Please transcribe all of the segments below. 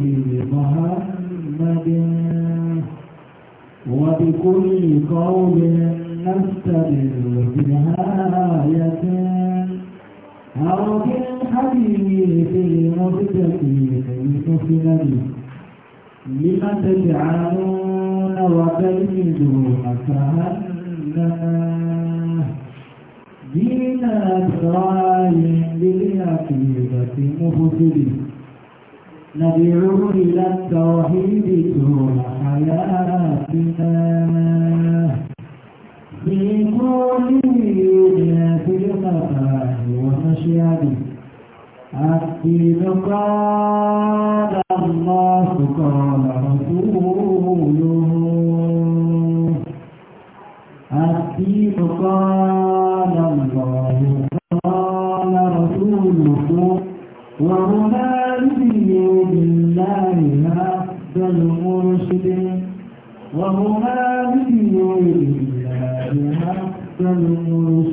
محمد وبكل قول نستدل بآية أو بالحديث المستقيم مسلم لم تجعلون وتجدون كأننا دين أسرائيل بالعقيدة مفسدين ندعو إلى التوحيد طول حياتنا في كل في الخطأ ومشيئته أكيد قال الله قال رسوله أكيد قال وهما بالله لا يحسنون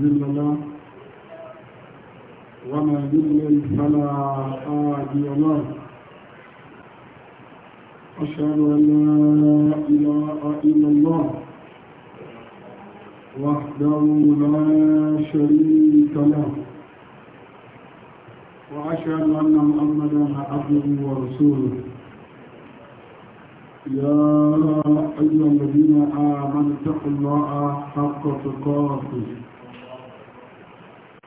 مضل له وما يضلل فلا هادي له أشهد أن لا إله إلا الله وحده لا شريك له وأشهد أن محمدا عبده ورسوله يا أيها الذين آمنوا اتقوا الله حق تقاته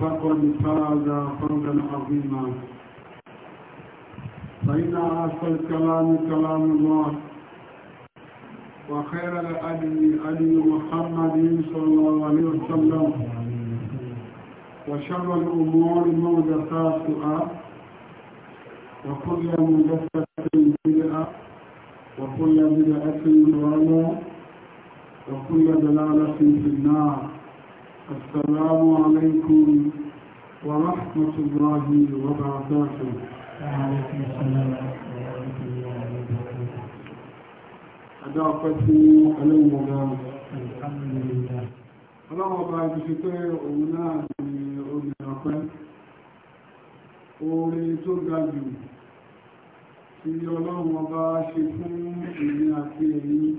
فقد فاز فوزا عظيما فإن أصل الكلام كلام الله وخير الأدب أدب محمد صلى الله عليه وسلم وشر الأمور محدثاتها وكل محدثة بدعة وكل بدعة ضلالة وكل دلالة في النار السلام عليكم ورحمة الله وبركاته وعليكم السلام ورحمة الله وبركاته أدعفتي عليهم وبركاته الحمد لله ọlọ́wọ́ bá ibi ṣe pé òun náà ni obìnrin ọ̀pẹ́ oore tó ga jù tí ọlọ́run ọba ṣe fún èmi àti ẹ̀yin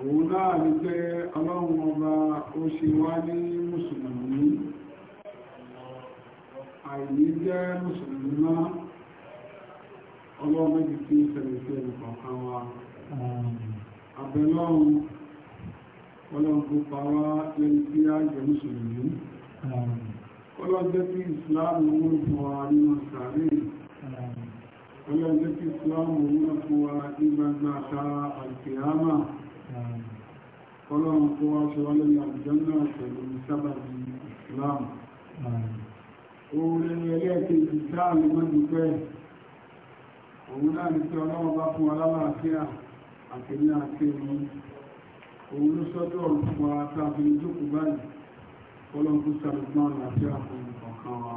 òun náà ní pé ọlọ́run ọba ó ṣe wá ní mùsùlùmí àìní jẹ́ mùsùlùmí náà ọlọ́run méjì tí ìṣẹ̀lẹ̀ sí ẹnìkan kan wa àbẹ̀lọ́run ọlọ́run kó pa wá lẹ́yìn tí á jẹ́ mùsùlùmí ọlọ́jẹ́ tí ìsìláàmù wọ́n fún wa nínú sàárè ọlọ́jẹ́ tí ìsìláàmù wọ́n fún wa ní àṣà àìkèámà ọlọ́run tó wá ṣe wálé ní àjọ náà pẹ̀lú sábàbí Islam orin ẹlẹ́ẹ̀kejì táàlù mọ́dúpẹ́ òun náà ní tí ọlọ́run bá fún aláwàáfíà àtẹ̀lé àtẹ̀lé òun ló sọ́dọ̀ ọ̀pọ̀ àtàbí jókòó báyìí ọlọ́run tó sàrùgbọ́n àlàáfíà fún ọ̀kan wa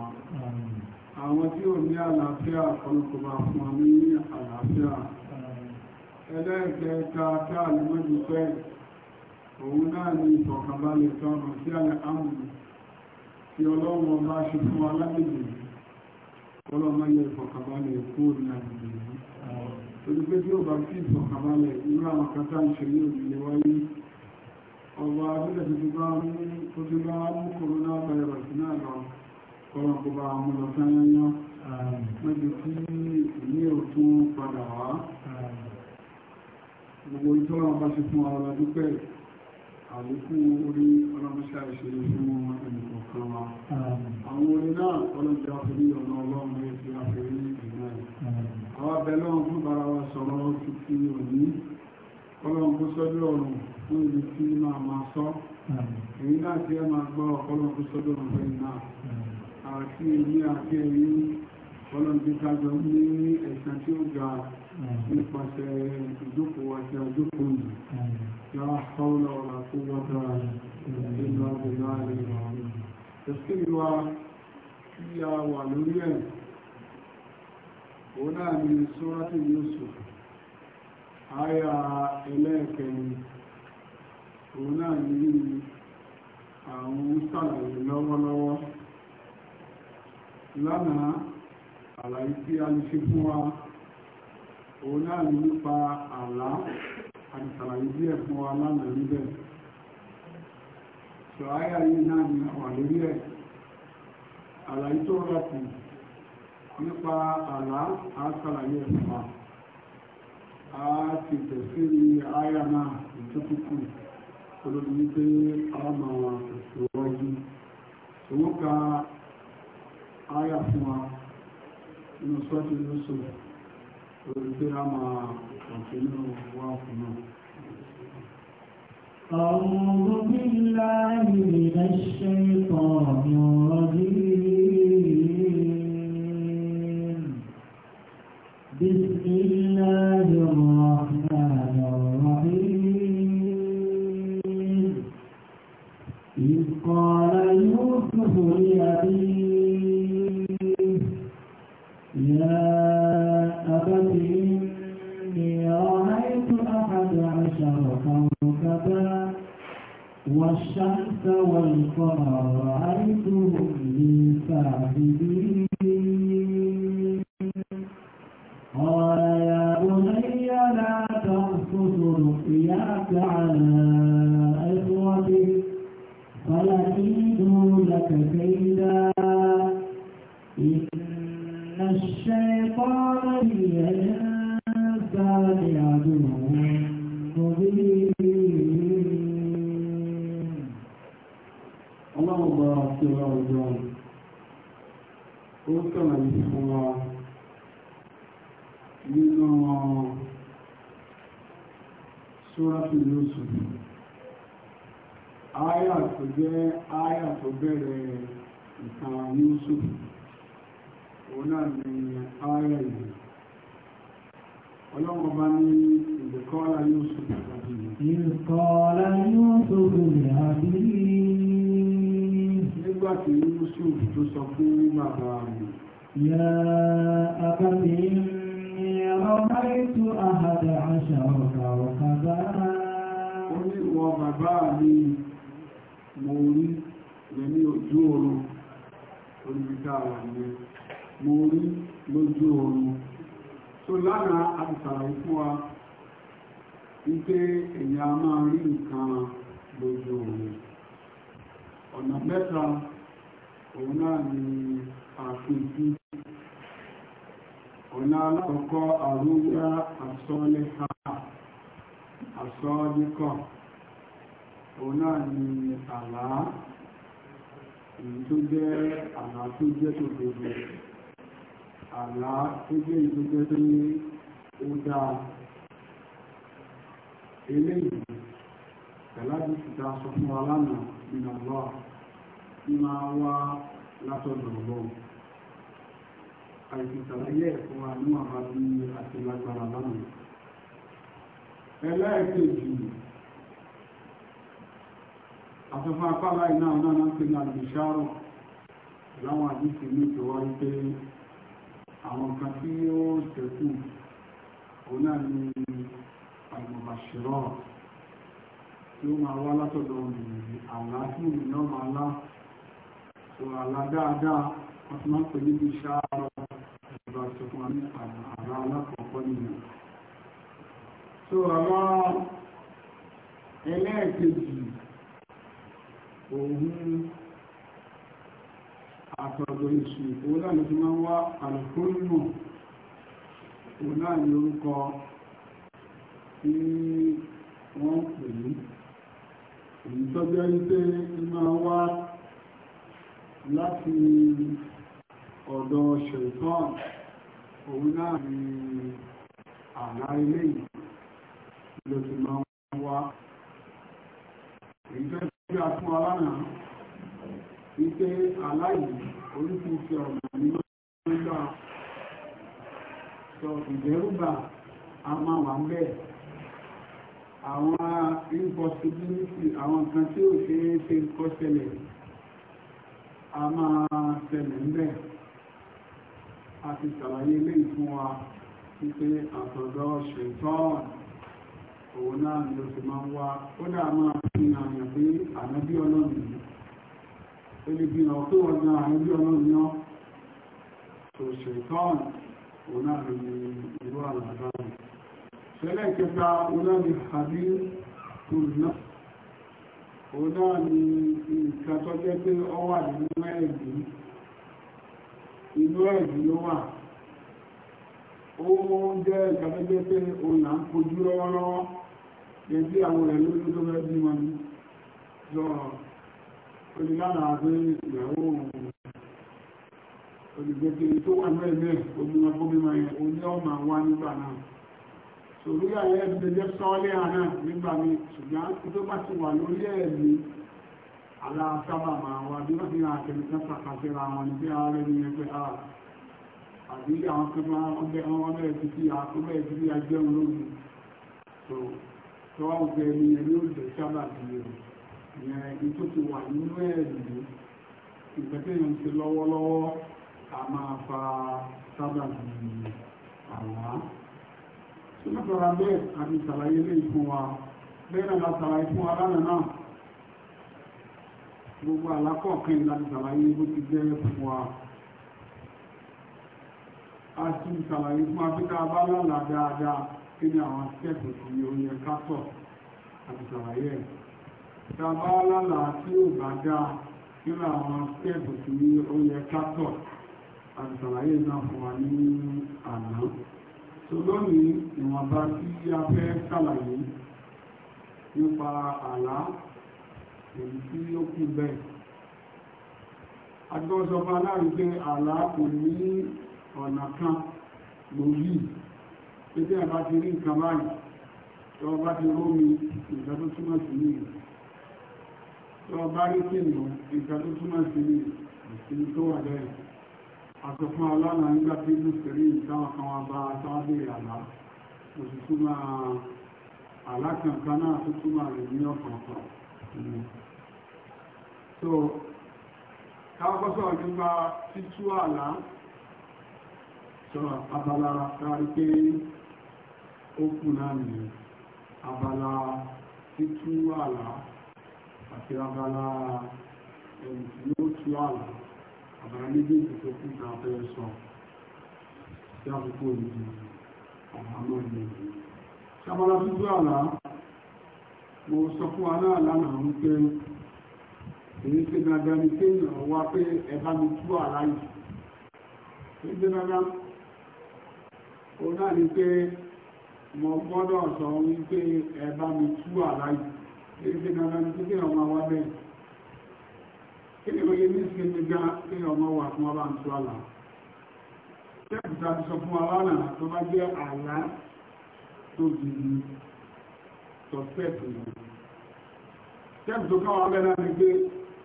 àwọn tí ò ní àlàáfíà ọlọ́run bá fún wa ní àlàáfíà ẹlẹ́ẹ̀kẹta táàlù mọ́dúpẹ́ òun náà ní ìfọ̀kànbalẹ̀ tọrọ sí àlẹ́ àmì tí ọlọ́run ọba ṣe fún alágbègbè ọlọ́run yẹ ìfọ̀kànbalẹ̀ kó ní agbègbè yìí torí pé tí ó bá sí ìfọ̀kànbalẹ̀ irú àwọn kátà ìṣẹ̀lẹ̀ òmìnira wáyé ọba abúlé tó ti bá mú tó ti bá mú corona virus gbogbo ìtọ́lọ́wọ́n bá ṣe fún ara dúpẹ́ àlékú orí ọlọ́mọṣẹ́ ìṣẹ́lẹ̀ fún ẹnìkọ̀ọ̀kan wa àwọn orin náà ọlọ́jọ́ àfẹ́rí ọ̀nà ọlọ́run rẹ̀ ti àfẹ́rí ìgbà rẹ̀ àwọn abẹ́lọ́run fún bara wa sọ̀rọ̀ títí òní ọlọ́run kó sọ́jú ọ̀run fún ibi tí máa máa sọ èyí náà tí ẹ máa gbọ́ ọlọ́run kó sọ́jú ọ̀run fún iná àti èmi àti ẹ̀yìn ọlọ́dúnkájọ ní ẹ̀sán tí ó ga nípasẹ̀ ìjókòó àti àjókòó yìí yára sọ́ọ́lọ́ ọ̀rọ̀ tó wọ́dọ̀ nínú ọgbọ̀nà rẹ̀ ẹ̀sìn ìwà tí a wà lórí ẹ̀ òun náà ni sọ́rọ́tì àwọn sàlàyé lọ́wọ́lọ́wọ́ lánàá àlàyé tí a lè ṣe fún wa òun náà ní nípa àlá àti àlàyé díẹ̀ fún wa lánàá níbẹ̀ ṣọ̀háyà yìí náà ni wà lórí ẹ̀ àlàyé tó rọ̀ kù nípa àlá àṣàlàyé ẹ̀fún wa a ti tẹ̀sí ní àyà náà ìtúkùkù olóbi wípé a máa tẹ̀síwájú òun ka àyà fún wa inú sọ́tí lóṣù olùgbéra máa kọ̀tínú wá fún náà أعوذ بالله من الشيطان الرجيم بسم الله الرحمن àti Yusuf tó sọ fún bàbá rẹ̀. Ya abàbí ni ọmọ ètò àhàdà àṣà ọ̀gá ọ̀gá bá. Ó ní ìwọ bàbá mi mo rí rẹ̀ ojú oorun olùbíkà wà ní mo rí lójú oorun. Tó lánàá àti sàlàyé wa wípé èèyàn máa rí nǹkan lójú ọ̀nà mẹ́ta òun náà ni àfihàn ọ̀nà alákọ̀ọ́kọ́ àrúgbá àsọ́lẹ́ha àsọ́ọ́díkọ̀ òun náà ni àlá èyí tó jẹ́ àlá tó jẹ́ tó gbogbo àlá tó jẹ́ èyí tó jẹ́ tó ní ó dáa eléyìí pẹ̀lájú ti dá sọ fún wa lánàá nínú ọlọ́run máa wá látọ̀dọ̀ ọlọ́run àìsàn ṣàlàyé ẹ̀kọ́ wa ní wàá bá bí àti lágbára lánàá ẹlẹ́ẹ̀kejì afẹ́fẹ́ apára iná náà náà pé ní àlùbíṣáró láwọn àdìsí ní ìjọba wípé àwọn kan tí ó ṣẹ̀kù òun náà ni àgbọ̀bàṣírọ̀ tí ó máa wá látọ̀dọ̀ àwọn àtúnú náà máa lá àlá dáadáa wọ́n ti máa ń pè níbi ṣáàrọ̀ ìjọba tó fún wa ní àlá alákọ̀ọ́kọ́ nìyẹn so àwọn ẹlẹ́ẹ̀kejì òun àtọ̀dọ̀ ìṣù òun náà ló ti máa ń wá àlùkòrínù òun náà ní orúkọ tí wọ́n pè ní èyí tọ́jọ́ ní wá láti ọ̀dọ̀ ṣẹ̀tọ́n òun náà ni àlá ilé yìí ló ti máa ń wá èyí tó ṣe a fún aláàrùn wípé aláìyí oríṣiríṣi ọ̀nà ní gbígbà sọ ìdẹ́rùbà a máa wà ń bẹ̀ àwọn impossibility àwọn kan tí ò ṣe é ṣe kọ́ a máa ṣẹlẹ̀ ńbẹ̀ a ti ṣàlàyé ilé ìfún wa wípé àtọ̀dọ̀ ṣètọ́ọ̀n òun náà ni ó ti máa ń wá ó dà máa fi àyàn pé ànábí ọlọ́run yìí ó lè fi hàn pé wọ́n gan ànábí ọlọ́run náà tó ṣètọ́ọ̀n òun náà ni irú àlàáfíà rẹ̀ kẹta òun náà ni àbí tó náà òun náà ni nǹkan tó jẹ́ pé ọ wà nínú ẹ̀gbí inú ẹ̀gbí ló wà ó jẹ́ nǹkan tó jẹ́ pé òun là ń kojú lọ́wọ́lọ́wọ́ yẹn àwọn rẹ̀ tó fẹ́ bí wọn lọ onílànà ìyàwó tó wà omi wọn nígbà náà torí àwọn ẹgbẹ̀jẹ́ sọ́ọ́lé àná nígbà mi ṣùgbọ́n tó bá ti wà lórí ẹ̀mí aláàtàbà máa wà bí wọ́n fi hàn àtẹnìkan pàkàtẹ́ra wọn ní bí ààrẹ ní ẹgbẹ́ a àbí àwọn kan máa ọgbẹ́ àwọn ọmọ ẹ̀ títí àkọ́bẹ̀ ìdílé ajẹ́un lóògùn tó tó wà ọgbẹ́ ẹni yẹn ní òjò sábà bí rẹ̀ ìyẹn ní tó ti wà nínú ẹ̀mí ìgbẹ́tẹ̀yàn ti lọ́wọ́lọ́wọ́ a máa fa sábà bí àwọn látara bẹ́ẹ̀ àti ìsàlàyé lè fún wa bẹ́ẹ̀ náà látàlàyé fún wa lánàá náà gbogbo àlákọ̀ọ́kẹ́ láti sàlàyé bó ti jẹ́ fún wa a ti sàlàyé fún afíkà bá lọ́la dáadáa kí ni àwọn akẹ́kọ̀ọ́ tí ó yẹ kátọ̀ àti sàlàyé ẹ̀ tá tí ó bá dáa kí ni àwọn akẹ́kọ̀ọ́ tí ó yẹ kátọ̀ àti sàlàyé náà fún wa ní àná tó lónìí ìwọ̀nba tí a fẹ́ ṣàlàyé nípa àlá èyí tí ó kú bẹ́ẹ̀ agbọ́sọba láàrin pé àlá kò ní ọ̀nà kan lórí pépé àbá ti rí nǹkan báyìí tó bá ti rómi nǹkan tó túmọ̀ sí ní tó bá rí kìnnìún nǹkan tó túmọ̀ sí ní ìsinmi tó wà lẹ́yìn àtọ̀fún aláàrá nígbà tí ó fẹ̀rí ìtàwọn kan wá bá sáábé àlá òṣìṣúmọ́ alákànká náà tó túmọ̀ rẹ̀ ní ọ̀kọ̀ọ̀kan mm. so káàkọ́sọ̀ nípa títú àlá sọ̀rọ̀ abala kárí pé ó kù náà ní abala títú àlá àti abala ẹ̀yìn tí ó tú àlá ọ̀rọ̀ méjèèjì tó kún náà fẹ́ sọ sí àkókò ìdí àmọ́ ìlú sábàlá dúdú àlá mo sọ fún wa náà lánàá wípé èyí ṣe dandan ni kéèyàn wá pé ẹ bá mi tú àlá yìí ṣé ṣe dandan òun náà ni pé mo gbọ́dọ̀ sọ wípé ẹ bá mi tú àlá yìí èyí ṣe ní ṣe ní gá ní ọmọ wà fún ọba ń tó àlà tẹ́kùtà ti sọ fún wa lánà tó bá jẹ́ àlá tó di tọ́sẹ̀tì tẹ́kùtà káwọn abẹ́rẹ́ ni pé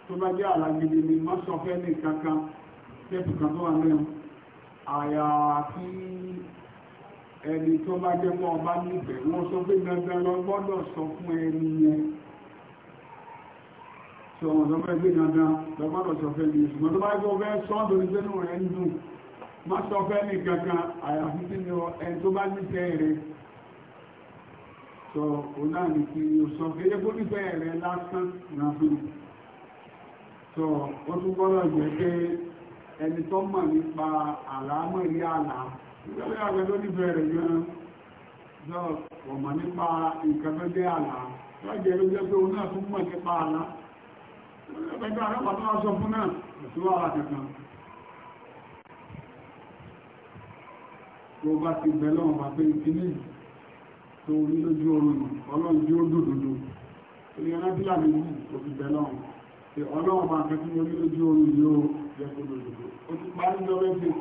tó bá jẹ́ àlá gidi ni má sọ fẹ́ ní kankan tẹ́kùtà tó wà mẹ́rin àyà àti ẹni tó bá jẹ́ mọ́ ọba níbẹ̀ wọ́n sọ pé sọ wọn lọ́mọ ẹgbẹ́ dandan lọ́gbọ́dọ̀ sọ fẹ́ ní ṣùgbọ́n tó bá gbọ́ fẹ́ sọ́ọ̀dọ̀ ìgbénú rẹ̀ ń dùn má sọ fẹ́ ní kankan àyàfi tí ni ẹni tó bá nífẹ̀ẹ́ rẹ̀ sọ òun náà ní kí o sọ fẹ́ yẹ kó nífẹ̀ẹ́ rẹ̀ lásán náà fún mi sọ ó tún gbọ́dọ̀ jẹ́ pé ẹni tó mọ̀ nípa àlámọ̀ rí àlá ìgbàlẹ́ àgbẹ̀ ló nífẹ̀ẹ́ rẹ̀ gan-an sọ ọ̀mọ̀ nípa nǹkan tó jẹ́ àlá lọ́jẹ́ ló jẹ́ pé òun náà tún mọ̀ nípa àlá ẹgbẹ́ àrẹ́pàá tó wá sọ fún náà tí wọ́n wà kankan tó bá ti bẹ̀lọ́ ọba pé ìkíní tó rí lójú oòrùn ọlọ́run tí ó dòdòdò orí ẹlẹ́bílà mi yìí tó fi bẹ̀lọ́ pé ọlọ́run ọba kẹ́kí orí lójú oòrùn yóò jẹ́ kó dòdòdò ó ti parí jọ lẹ́sẹ̀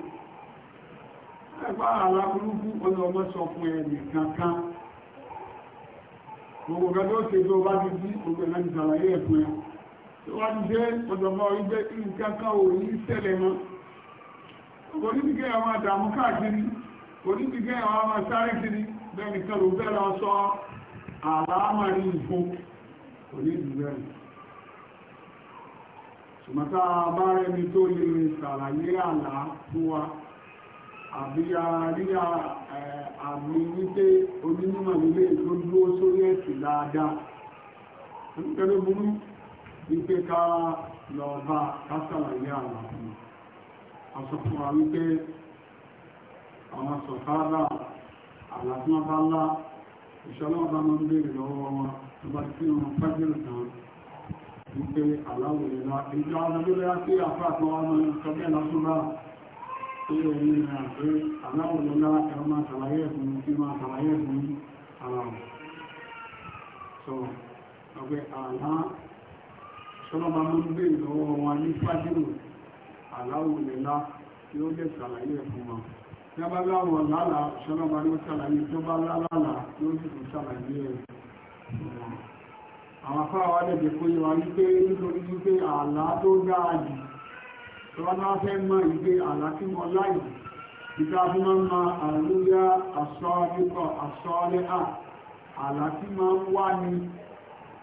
ẹgbẹ́ aláburúkú ọlọ́ ọmọ sọ fún ẹnì kankan gbogbo gẹ́gẹ́ ó ṣe tó bá ti dí gbogbo ẹ̀lẹ́ni sàlàyé ẹ̀kún ẹ̀ wọ́n jẹ́ ọ̀dọ̀mọ́ ìgbé nǹkankan ò ní ṣẹlẹ̀ mọ́ oníbìgẹ́ àwọn àdàmú káàkiri oníbìgẹ́ àwọn àmà sáré kiri bẹ́ẹ̀ni kẹrù sọ àlàámà ní ìfò oníbìgẹ́ ṣùgbọ́ta bá rẹni tó lè wípé ká lọ bá kásàlàyé àwọn àfihàn asọ̀fún wa wípé àwọn sọ̀fáàbà àlàfíàbálá ìṣọ́lọ́ọ̀bá máa ń béèrè lọ́wọ́ wọn tó bá tí wọn fájìrì kan wípé aláwọ̀ ìlà ìjọ adájọ́lẹ́ sí àfáàkọ́ wọn máa ń sọ bẹ́ẹ̀ lásùbà tó yẹ tọ́lọ́ máa mú gbé ìlọ́wọ́ wọn ní fájúrò aláwò nílá tí ó lè ṣàlàyé fún wọn tí a bá láwọ̀ lálà ṣọ́lọ́ máa ló ṣàlàyé tó bá lálà tí ó sì tún ṣàlàyé ẹ̀ àwọn afárá wa lè dẹ̀kọ́ yẹ wa ní pé nítorí wípé àlá tó dáa jù tó náà fẹ́ mọ ìgbé àlá tí mo láì ìta fún máa ma àlúyá àsọ́ọ́lẹ́kọ̀ àsọ́ọ́lẹ́ àlá tí máa ń wá ni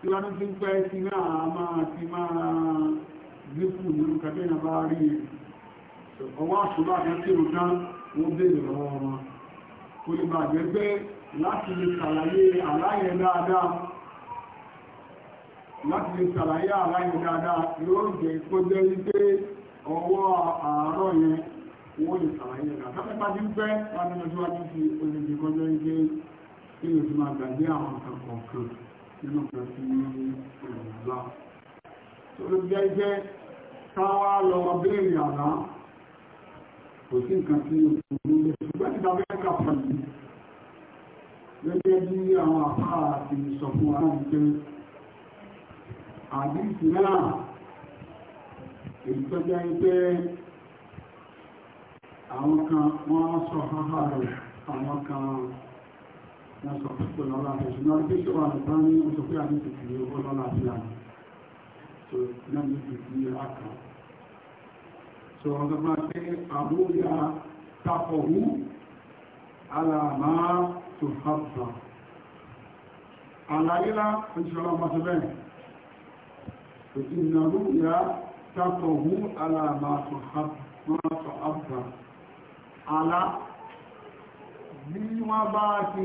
tí wọ́n ti ń pẹ́ sí náà máa ti máa nípù nínú kàtẹ́yìn bá rí ọwọ́ àṣùgbà kan tí ó dán wọ́n bèèrè lọ́wọ́ wọn kò lè bàjẹ́ pé láti lè ṣàlàyé àláyẹ dáadáa láti lè ṣàlàyé àláyẹ dáadáa yóò jẹ́ kó jẹ́ wípé ọwọ́ àárọ̀ yẹn wọ́n lè ṣàlàyé dáadáa tápẹ́pá ti ń pẹ́ wọn ni ọjọ́ wájú olùdíkọjọ́ wípé kí lè fi máa gbàgbé àwọn nǹkan kọ̀ọ̀kan nínú kan sí ìrìnlá tó ló jẹ́ jẹ́ káwá lọ béèrè àná kò sí nǹkan sí ìrìnlẹ̀ ṣùgbọ́n nígbà bẹ́ẹ̀ kà fún mi gẹ́gẹ́ bí àwọn àpá àti sọ fún wa náà pé àdìsí náà èyí tó jẹ́ pé àwọn kan wọ́n sọ háhá rẹ̀ àwọn kan náà sọ pé kò lọ́la àti ìṣúná ọdún tó wà nípa ní oṣù pé àti ìṣèkìlẹ̀ owó lọ́la àti àná tó náà ní ìṣèkìlẹ̀ àkà tó ọ̀dọ́ bá pé àbúyá tapọ̀hú alàmá tó hàbà àlàyélá ìṣọ́lá ọmọ tó bẹ́ẹ̀ tó ìnàrú ya tapọ̀hú alàmá tó hàbà àlá bí wọ́n bá ti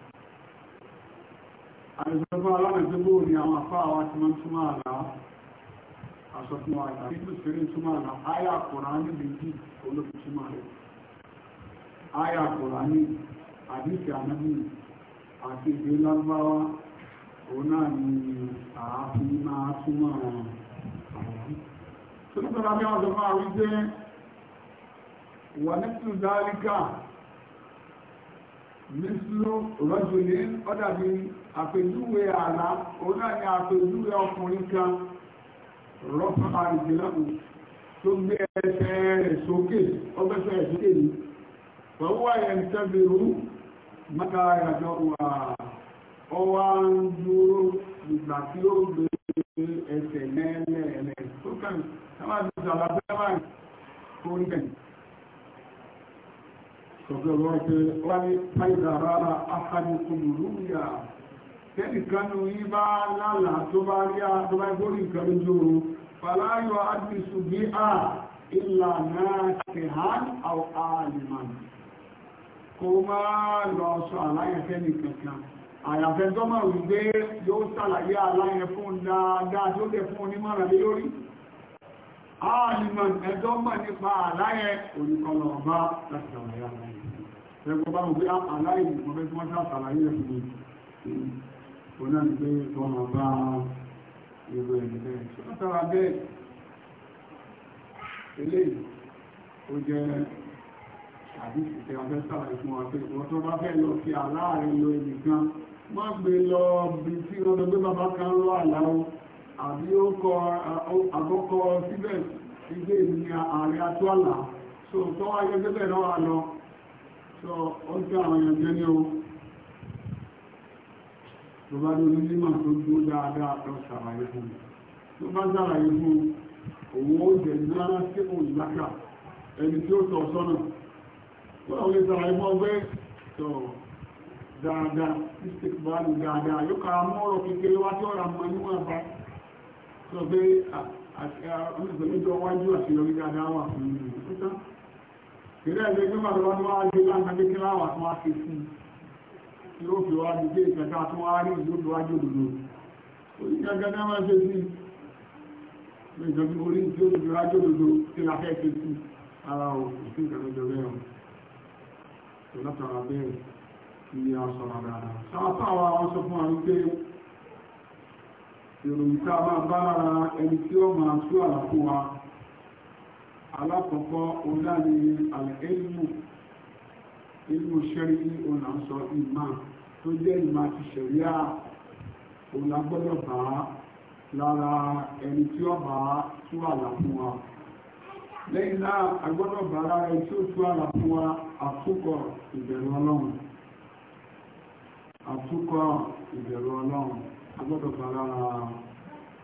àìsọ́gbọ́n alámẹ̀gbẹ́gbò ni àwọn afá àwọn tí wọ́n túnmọ̀ àlá àsọ̀fún àgbà títù sírí túnmọ̀ àlá àyà Kùránì méjì olóòfin túnmọ̀ rẹ̀ àyà Kùránì àdìsí ànábì àti èdè lágbáwá òun náà ni àáfin máa túnmọ̀ àwọn tó ní sọ́dá bí wọ́n sọ máa wí pé wà ní tún dáríkà mísú rọ́jò ní ọ̀dàbí àpèjúwe àlá òun náà ni àpèjúwe ọkùnrin kan rọ́pàá ìdílọ́pù tó gbé ẹsẹ̀ rẹ̀ sókè ọgbẹ́sẹ̀ ìdílé ni pẹ̀wọ́ ẹ̀ ń tẹ́bìrú mẹ́ta ìrìnàjò wà ọwá ń dúró ìgbà tí ó gbé ẹsẹ̀ lẹ́lẹ́lẹ́ tó kàn sábà ti sàlá fẹ́ràn tó ń bẹ̀ sọ̀gbẹ̀ wọ́n tẹ́nìkanú yí bá lálàá tó bá rí a tó bá gbórí nǹkan lójúru fàláyọ̀ àdìsù bí a ìlànà kẹhàn àwọn àlìmàn kó máa lọ sọ aláyẹ̀fẹ́ nìkankan àyàfẹ́ tó máa wù aláyẹ̀ fún dáadáa tó nípa aláyẹ̀ oníkọlọ̀ ọba láti sàlàyé aláyẹ̀ ẹgbẹ́ bá mọ̀ pé aláyẹ̀ mọ̀ fẹ́ tí wọ́n sàlàyé ẹ̀fún oná ní pé wọ́n máa bá irú ẹni bẹ́ẹ̀ tó látara bẹ́ẹ̀ eléyìí ó jẹ́ àdíṣì tẹ ọ̀fẹ́ sàlàyé fún wa pé wọ́n tó bá fẹ́ lọ sí aláàrin lọ ẹnìkan má gbé lọ bí tí wọ́n tó gbé bàbá kan lọ àláwọ́ àbí ó kọ àkọ́kọ́ síbẹ̀ ilé ní ààrẹ atúàlà so tọ́wọ́ ayẹyẹ bẹ́ẹ̀ náà wà lọ tó bá lórí mímọ̀ tó gbó dáadáa tó ṣàlàyé fún tó bá ṣàlàyé fún òun ó jẹ náà sí òun ìlákà ẹni tí ó sọ sọ́nà tó àwọn ilé ṣàlàyé fún ọgbẹ́ tó dáadáa mystic báàlù dáadáa yóò ká mọ́rọ̀ kékeré wá tí ọ̀rà mọ́ níwọ̀n bá sọ pé ọmọdé wájú àṣeyọrí dáadáa wà fún mi kìrẹ́ ẹgbẹ́ gbẹ́gbẹ́ wà tó wá tó wá gbé láǹkà kékeré wà tó wá ké fún un ló fi wá ní pé ìkẹta tó wá rí ìlú tó wájú òdòdó orí gẹ́gẹ́ náà máa ṣe sí ìjọba orí tí ó fi wájú òdòdó tí a fẹ́ ṣe sí ara o sí ìkẹta bẹ́ẹ̀ tó látara bẹ́ẹ̀ ni a sọ̀rọ̀ dáadáa sáfà wa wọ́n sọ fún wa wípé ìròyìn tá a máa bá lára ẹni tí ó máa tú inú ṣẹ́rí ní olànsọ ìmá tó jẹ́ ìmá ti ṣẹ̀ríà olàgbọ́dọ̀ bá lára ẹni tí ó bá tú àlà fún wa lẹ́yìn náà agbọ́dọ̀ bá lára ẹni tí ó tú àlà fún wa àtúkọ̀ ìbẹ̀rù ọlọ́run àtúkọ̀ ìbẹ̀rù ọlọ́run agbọ́dọ̀ bá lára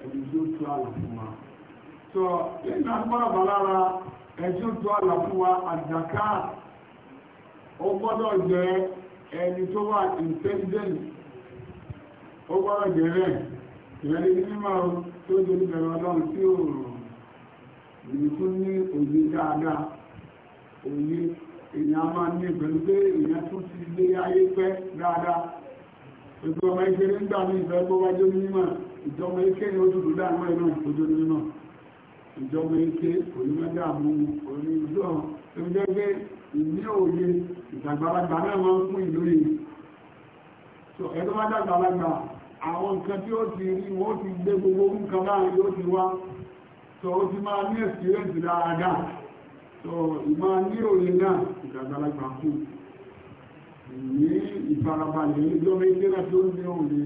ẹni tí ó tú àlà fún wa tó lẹ́yìn náà agbọ́dọ̀ bá lára ẹni tí ó tú àlà fún wa àjàkáà ó gbọ́dọ̀ jẹ́ ẹni tó wà intelligent ó gbọ́dọ̀ jẹ́ rẹ̀ ìrẹ́lẹ́ ní mímọ̀ tó jẹ́ ìbẹ̀rẹ̀ ọlọ́run tí ó rùn tún ní òye dáadáa òye èèyàn máa ní pẹ̀lú pé èèyàn tún ti lé ayé pẹ́ dáadáa ètò ọmọ ìṣeré ń gbà ní ìfẹ́ tó wájú ní mímọ̀ ìjọba ike ni ó dùdú tó ìjọba ike mẹ́ta mú ìjọ ìní òye ìdàgbàlagbà náà wọ́n ń fún ìlú yìí so ẹ̀rọ bá dàgbàlagbà àwọn nǹkan tí ó ti rí wọ́n ti gbé gbogbo nǹkan láàrin yóò ti wá so ó ti máa ní ẹ̀sìrẹ́sì dáadáa so ìmọ̀ ní òye náà ìdàgbàlagbà fún ní ìfarabalẹ̀ ilé ọmọ ilé rẹ̀ tó ní òye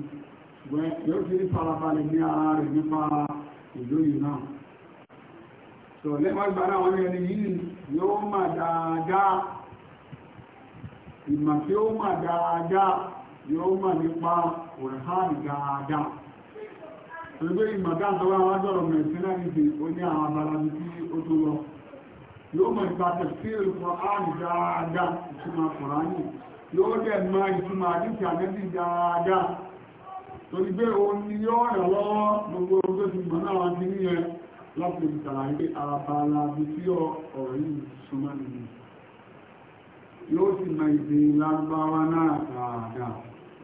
yóò ti rí farabalẹ̀ ní ara rẹ̀ nípa ìlú yìí náà so lẹ́wọ́n gbára wọn ẹni yìí yóò mà dáadáa ìmọ̀ tí ó mà dáadáa yóò mà nípa òrìhàn dáadáa ẹgbẹ́ ìmọ̀ dáadọ́wọ́ àwọn àjọ́rọ̀ mẹ́sìn náà nìdí ó ní àwọn abala ní tí ó tó lọ yóò mọ̀ nípa tẹ̀síìl Kùránì dáadáa ìtumọ̀ Kùránì yóò dẹ̀ mọ̀ ìtumọ̀ àdìsí àdìsí dáadáa torí bẹ́ẹ̀ ni yóò láti ìtàlàyé àbàlá bí tí ọ̀rọ̀ yìí súnmọ́ nìyí yóò sì mọ ìdè lágbára náà dáadáa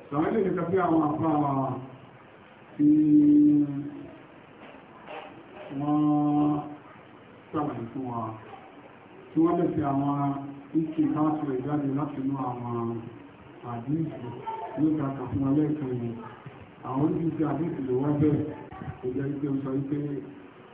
sàwọn ilé ìjọba pé àwọn àbá tí wọ́n sàlàyé fún wa tí wọ́n lè fi àwọn ìkè káàkiri ìjáde láti inú àwọn àdínkù ló ga kàfún ọlẹ́ẹ̀kan yìí àwọn ìdíje àdínkù ló wá bẹ́ẹ̀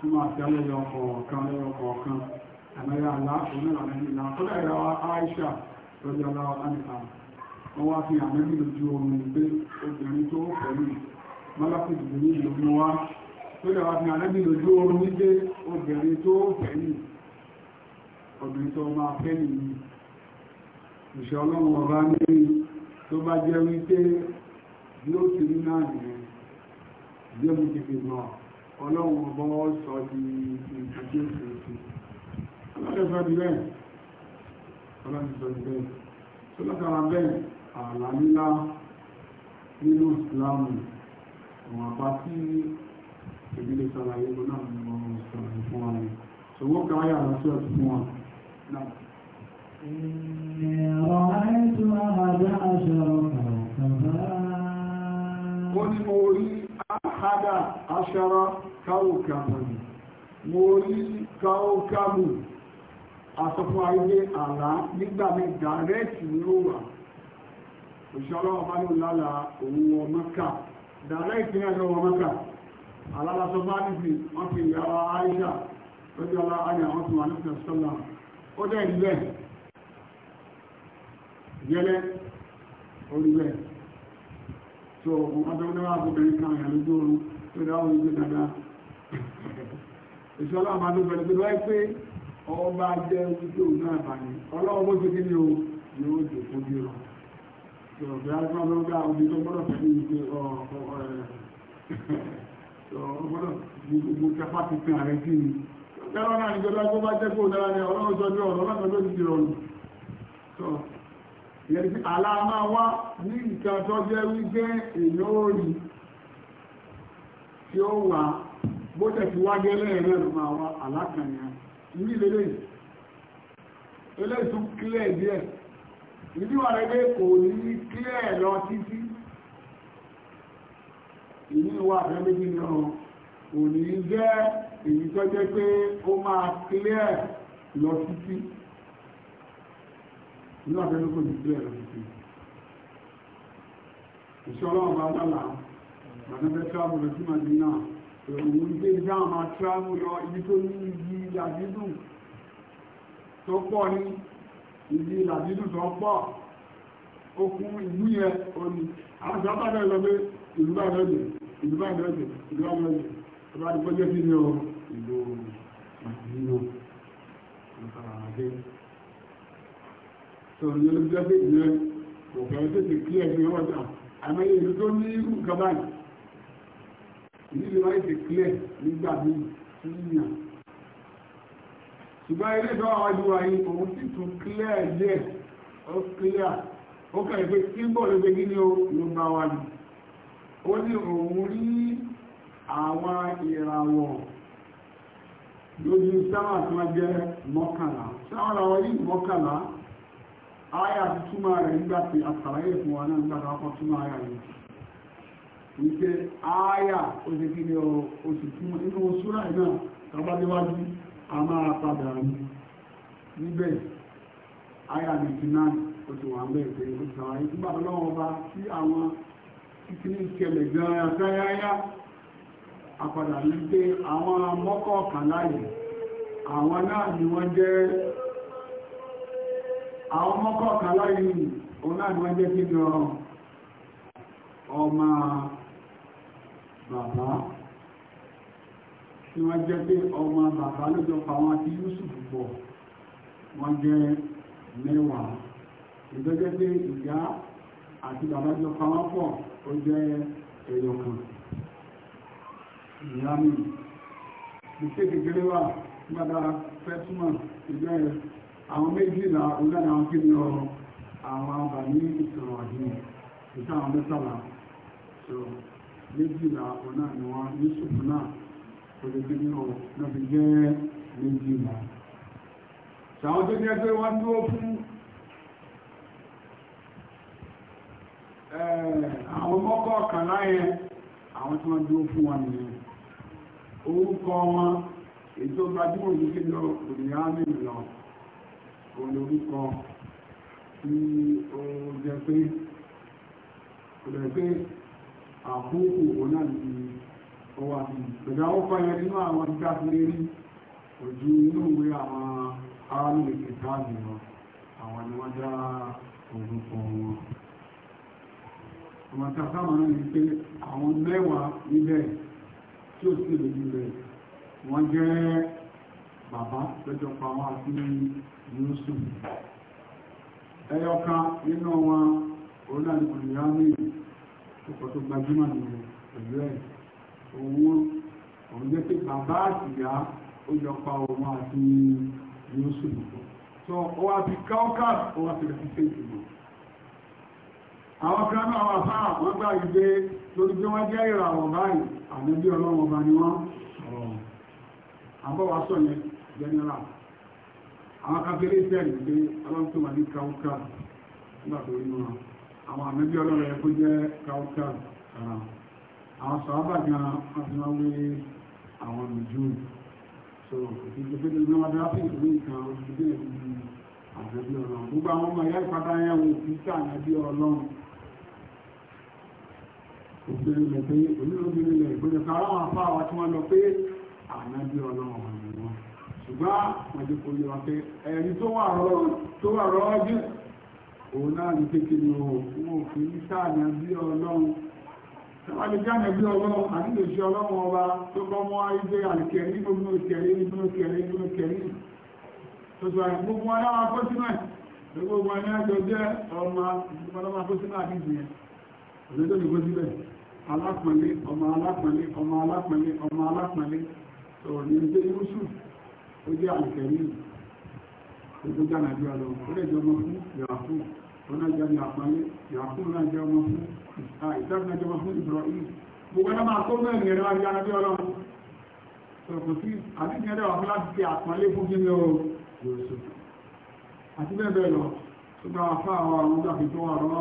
tó máa fi alẹ́yọ ọkọ̀ ọ̀kan lẹ́yọ ọkọ̀ ọ̀kan àmẹ́rẹ́ àlá onílànà ìlà tó lẹ́rẹ̀ Aisha lọ́jọ́ aláwọ̀ láníta wọ́n wá fi àmẹ́bí lójú oorun pé obìnrin tó pẹ̀lú mọ́lápù ìdìbò ní ìlú mú wá tó lẹ́wà fi àmẹ́bí lójú oorun wípé obìnrin tó pẹ̀lú obìnrin tó máa fẹ́ nìyí ìṣẹ́ ọlọ́run ọba ní tó bá jẹ́ wípé bí ó ti rí náà ọlọ́run ọgbọ́n wọ́n sọ di ìjọjẹ́ ìfẹ̀ẹ́sì ọlọ́dẹ́sọ́ di bẹ́ẹ̀ ọlọ́dẹ́sọ́ di bẹ́ẹ̀ tó lọ́kàrà bẹ́ẹ̀ ààlà nílá nínú ìsìláàmù àwọn àpá tí ìbílẹ̀ sàlàyé tó náà ní ni ṣòwò kan ayà lọ káwòkàmù mo rí káwòkàmù asọ́fún ayé àlá nígbà mi dàrẹ́ẹ̀tì ló wà òṣìṣọ́lọ́ ọba ló lálà òun wọ mọ́kà dàrẹ́ẹ̀tì náà ló wọ mọ́kà alálàsọ bá nìsí wọ́n fi ìyàwó Aisha lójú ọlá ayé àwọn tó wà ní sẹ́sọ́lá ó dẹ̀ ilẹ̀ yẹlẹ́ orílẹ̀ tó ọkùnrin adọ́gbẹ́wà obìnrin kan ìyàlójú oorun tó dáwọ́ ìgbé dáadáa ìṣọ́lá máa ló bẹ̀rẹ̀ pẹ̀lú wáyé pé ọba jẹ́ wípé òun náà bá ní ọlọ́wọ́ bó ṣe kí ni o ni ó fún bí rọ ìrọ̀bí agbọ́n ni kẹ́rọ náà ní gbọ́dọ̀ gbọ́ wá ní nǹkan jẹ́ wípé èèyàn ó tí ó wà bó tẹ̀sí wá gẹ́lẹ́ rẹ̀ ló máa wá alákànnì ní ìlélẹ́ eléyìí tún kílẹ̀ díẹ̀ ìdí wà rẹ̀ pé kò ní kílẹ̀ lọ títí ìní wà rẹ̀ méjì náà kò ní jẹ́ èyí tó jẹ́ pé ó máa kílẹ̀ lọ títí inú àfẹ́lú kò ní kílẹ̀ lọ títí ìṣọ́lọ́wọ́ bá dálà màdánfẹ́ tí wà bọ̀rẹ̀ sí màdínà òun gbé dáhà tíráàmù lọ ibi tó ní ibi làdídùn tó pọ̀ ní ibi làdídùn tó pọ̀ okun ìlú yẹn omi àwọn sábàdà lọ pé ìlú bá lọ́jẹ̀ ìlú bá lọ́jẹ̀ ìlú bá lọ́jẹ̀ tó bá dúpọ́ jẹ́ sí ní o ìlú màdínà nǹkan àdé tó ní olùjẹ́ pé ìyẹn kò fẹ́ tètè e máa ṣe clear nígbà míì tí yàn ṣùgbọ́n ilé tó àwọn àjúwà yìí òun sì tún clear díẹ̀ ó clear ó kẹ́rẹ̀ pé símbọ̀ ló gbé gíní ló bá wà ní ó ní òun rí àwọn ìràwọ̀ lójú sáwà tí wọ́n jẹ́ mọ́kànlá sáwà làwọn yìí mọ́kànlá ayà túmọ̀ rẹ̀ nígbà tí àtàlàyé fún wa náà nígbà tí wọ́n kọ́ túmọ̀ wípé ààyà oṣèkí ni oṣù fún inú oṣúra náà tàbádéwájú a máa padà rí níbẹ̀ ààyà 99 oṣù wà mẹ́rin oṣù àwọn ìgbà lọ́wọ́ bá sí àwọn ìkíní ìṣẹ̀lẹ̀ gan-an gáyáyá ni awọn mọkọ ni bàbá tí wọ́n jẹ́ pé ọmọ bàbá ló jọ pa wọn àti Yusuf pọ̀ wọ́n jẹ́ mẹ́wàá ìgbẹ́jẹ́ pé ìyá àti bàbá jọ pa wọn pọ̀ ó jẹ́ ẹ̀yọ̀ kan ìyá mi ìṣe kékeré wà gbádà fẹ́túmọ̀ ìjọ ẹ̀ àwọn méjìlá onílànà àwọn kí ni ọrọ̀ àwọn àbàmí ìṣòro àdínà ìṣàwọn mẹ́tàlá ṣòro méjìlá ọ̀nà àwọn yíṣùfù náà olùgbé náà náà fi jẹ́ méjìlá ṣàwọn tó jẹ́ pé wọ́n dúró fún àwọn mọ́kọ̀ọ̀kànlá yẹn àwọn tí wọ́n dúró fún wọn nìyẹn orúkọ wọn ètò gbajúmọ̀ yìí lọ òdìyà mìíràn lọ olórúkọ tí ó jẹ́ pé àkókò ọ̀nà ìpín ọwà sí ìgbẹ̀dá ó fáyẹ nínú àwọn ìgbàsílẹ̀ rí ojú inú ìwé àwọn aráàlú ìpẹ̀ta àjùmọ̀ àwọn ni orúkọ wọn àwọn tàbí ní pé àwọn mẹ́wàá níbẹ̀ tí ó sì lè níbẹ̀ wọ́n jẹ́ bàbá lọ́jọ́ pa wọn nínú ọkọ̀ tó gbajúmọ̀ nìyẹn pẹ̀lú ẹ̀ òun òun jẹ́ pé bàbá àtìyá ó jọ pa òun àti Yusuf tó ó wá fi káókàs ó wá tẹ̀lé fi fèsì mọ́ àwọn kan náà wà fáà wọ́n gbà gbé lórí pé wọ́n jẹ́ ìràwọ̀ báyìí àdébí ọlọ́run ọba ni wọ́n àbọ̀wá sọ yẹn jẹ́nẹ́rà àwọn kan fẹ́lẹ́ sẹ́yìn pé ọlọ́run tó wà ní káókàs nígbà tó rí wọn àwọn àmẹ́bí ọlọ́rẹ̀ ẹkó jẹ́ kautar ara àwọn sọ̀rọ̀bà gan afẹ́wé àwọn nìjú so ìgbẹ́gbẹ́ ní wọ́n dá sí ìlú nǹkan ìdílé ìlú àmẹ́bí ọlọ́run gbogbo àwọn ọmọ ìyá ìpadà yẹn wo kìíta àmẹ́bí ọlọ́run òfin ilẹ̀ pé onílòbìnrin ilẹ̀ ìgbẹ́jọ ká àwọn afá wa tí wọ́n lọ pé àmẹ́bí ọlọ́run jẹ́ kó yẹ wa pé tó wà rọ́ọ́jú òun náà ní kékeré òun òfin ní sáàyà bí ọlọ́run tẹ́wàlé jáàmẹ̀ bí ọlọ́run ànílò iṣẹ́ ọlọ́run ọba tó bọ́ mọ́ ayé àlùkẹ̀rí gbogbo òkèrè gbogbo òkèrè gbogbo òkèrè tòṣù àyè gbogbo aláwa kó sínú ẹ̀ gbogbo ẹni àjọ jẹ́ ọmọ ọlọ́mọ kó sínú àdíjì yẹn òdodo ní kó síbẹ̀ alápọ̀lé ọmọ alápọ̀lé ọmọ alápọ̀lé ọmọ alápọ̀lé sọ̀rọ̀ ní ẹgbẹ́ yusuf ó jẹ́ ojú jàǹdà bí ọlọ ó lè jọmọ fún yàkú ọ̀nà jẹ́ àpálẹ́ yàkú náà jẹ́ ọmọ fún ìtàkùn jẹ́ ọmọ fún Ibrahim gbogbo ẹ̀rọ máa kó mẹ́rin ẹ̀rọ ajé ara bí ọlọ́run sọ̀rọ̀ sí àdíjẹ́ ẹ̀rọ àwọn láti fi àpálẹ́ fún kíni o yòóso àti bẹ́ẹ̀ bẹ́ẹ̀ lọ tó bá afá ìṣòro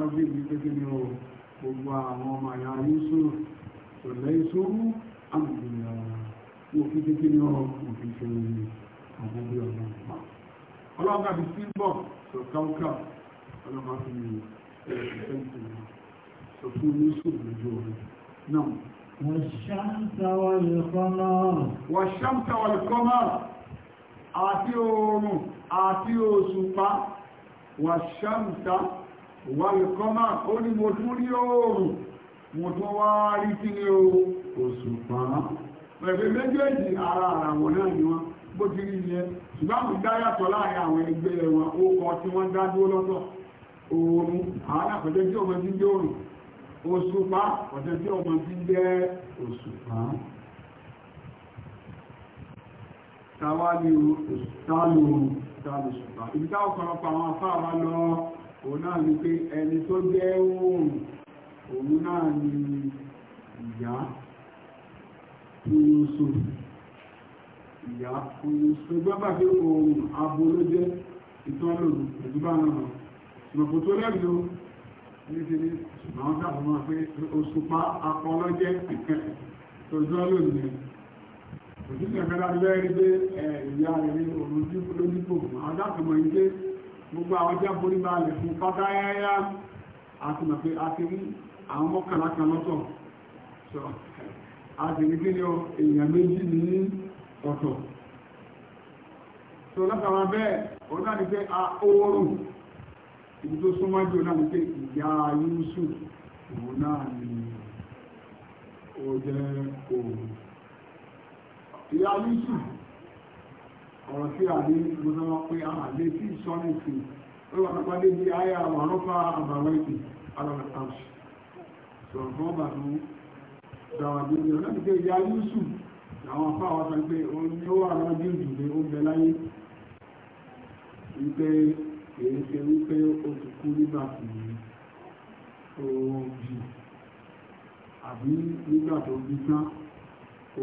àmì ìgbìyànjú òfin títí ní òfin ṣe àgbàgbé ọ̀nà ọ̀pá ọlọ́gbà bí sílbọ̀ sọ káúkà ọlọ́gbà fi ní ẹ̀ẹ́sẹ̀ǹtì sọ fún yusuf lójú ọ̀rẹ́ náà wàṣámta wàlùkọ́mà àti oòrùn àti òṣùpá wàṣámta wàlùkọ́mà ó ní mo tún rí oòrùn mo tún wá rí kí ní òṣùpá náà pẹ̀lú méjèèjì ara àràwọ̀ náà ni wọ́n bó ti rí ilẹ̀ ṣùgbọ́n dáyàtọ̀ láàrin àwọn ẹgbẹ́ wọn ó kọ tí wọ́n dá lọ́tọ̀ oòrùn àwọn tí ọmọ ti ń òṣùpá tí ọmọ ti ń òṣùpá fún Yusuf ìyá fún Yusuf ẹgbẹ́ bá fi oòrùn abo ló jẹ́ ìtọ́lù ìdúbà náà ìmọ̀kò tó lẹ́nu nítorí àwọn dàbọ̀ máa pé òṣùpá akọ lọ́jẹ́ tó jọ́lù ní òṣìṣẹ́ fẹ́ láti lẹ́rí pé ìyá rẹ̀ ní òòrùn tí ó dípò àwọn dàbọ̀ ìgbé gbogbo àwọn jẹ́ borí balẹ̀ fún pátá yáyá àti mọ̀ pé a ti rí àwọn mọ́kànlá kan lọ́tọ̀ àtìríkílẹ̀ èèyàn méjì ní ọ̀tọ̀ tó látàwọn bẹ́ẹ̀ ọ̀dá ni pé a oòrùn ibi tó súnmọ́ náà ni pé ìyá yúúsù òun náà ni ó jẹ́ oòrùn ìyá yúúsù ọ̀rọ̀ ní gbogbo pé a lè tí sọ ní dàwàdì ní ọlọ́dìdé ìyá yúsù àwọn afá àwọn sọ pé ó ní ó wà lọ́dí ìdùnnú ó bẹ láyé wípé èyí ṣe wípé ó ti kú nígbà tí ó bì àbí nígbà tó bí tán ó kú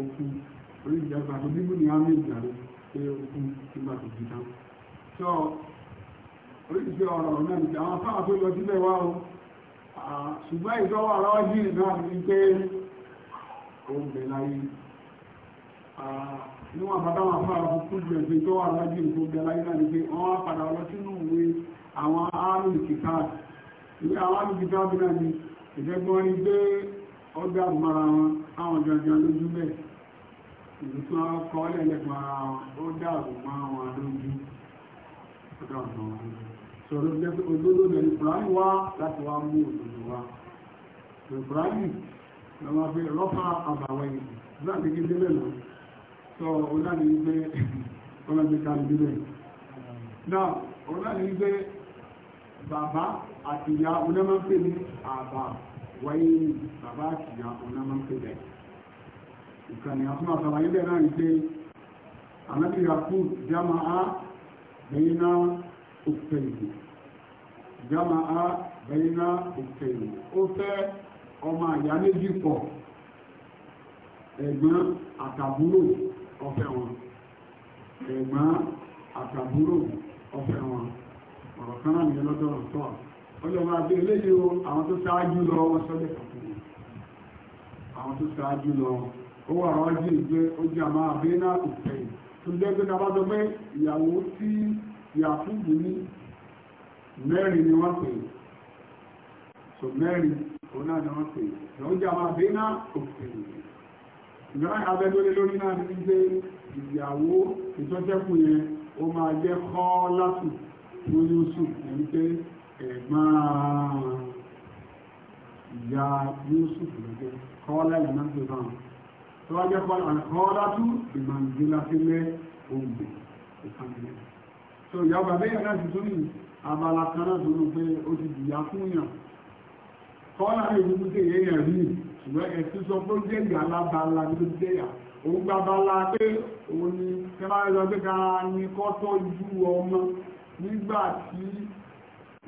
oríṣiríṣi àti bíbù ní àmì ìjàre pé ó kú nígbà tó bí tán sọ sílẹ̀ wá o ṣùgbọ́n ìtọ́wọ́ àrọ́jì náà ni pé oúnjẹ láyé níwọ̀n àbátáwọn afárá fún kúlù ẹ̀gbẹ́ tó wà lájú ìlú oúnjẹ láyé náà ni pé wọ́n á padà lọ sínú ìwé àwọn ààrùn kìtáàdì ìwé àwọn ààrùn kìtáàdì náà ni ìjẹgbọ́n rí gbé ọgbẹ́ àbùmọ́ra wọn àwọn jọjọ lójú bẹ́ẹ̀ ìlú tí wọ́n kọ́ lẹ́lẹ́gbọ́n ara wọn ó dá àbùmọ́ àwọn lójú ọjọ́ ọ̀gbọ̀n wọn sọ̀rọ̀ jẹ́ pé òdodo bẹ̀rẹ̀ ìfúráyìn wá láti wá mú òdodo lọ́wọ́ fi rọ́fà àbàwẹ̀ láti gí délẹ̀ lọ sọ oláni wípé ọlọ́dún ká délẹ̀ náà oláni wípé bàbá àti ìyá onámọ́pé ní àbà wáyé bàbá àti ìyá onámọ́pé bẹ̀ ìkànnì àtúnmọ̀ àtàlàyé bẹ̀ náà wípé àmẹ́bí yakú jama'a bẹ̀yìn náà òkèèrè jama'a bẹ̀yìn náà òkèèrè ó fẹ́ ọmọ àyá méjì pọ̀ ẹ̀gbọ́n àtàbúrò ọ̀fẹ́ wọn ẹ̀gbọ́n àtàbúrò ọ̀fẹ́ wọn ọ̀rọ̀ kan náà nìyẹn lọ́dọ̀ ọ̀tọ̀ ọlọ́mọ àti eléyìí o àwọn tó ṣáájú lọ wọ́n sọ́lẹ̀ kàkiri àwọn tó ṣáájú lọ ó wà rọ́ jí ìgbé ó jẹ́ àmọ́ àbẹ́ náà kò fẹ́ tó jẹ́ pé ta bá sọ pé ìyàwó tí ìyàfúùbù ní mẹ́rin ni wọ́n pè é tó mẹ́rin òun náà ni wọ́n pè lọ́n jà máa bí náà òfin ìgbà abẹ́dólé lórí náà ní gbé ìyàwó ìtọ́jẹ́kù yẹn ó máa jẹ́ kọ́ látù fún Yusuf ẹni pé ẹ̀gbọ́n ìyá Yusuf lọ́jọ́ kọ́ lẹ́yìn náà tó bá wọn tó so ìyàwó bàbá yẹn náà ti tún ní abala kan náà tó ló pé ó ti dìyà fún yàn kọ́lá ìlú tẹ̀ yẹn rí ṣùgbọ́n ẹ̀sùn sọ pé ó jẹ́ ìyá alábala ló jẹ́ ìyá òun gbabala pé òun ni kẹfà ẹ̀sọ́ pé ká ní kọ́ tọ́jú ọmọ nígbà tí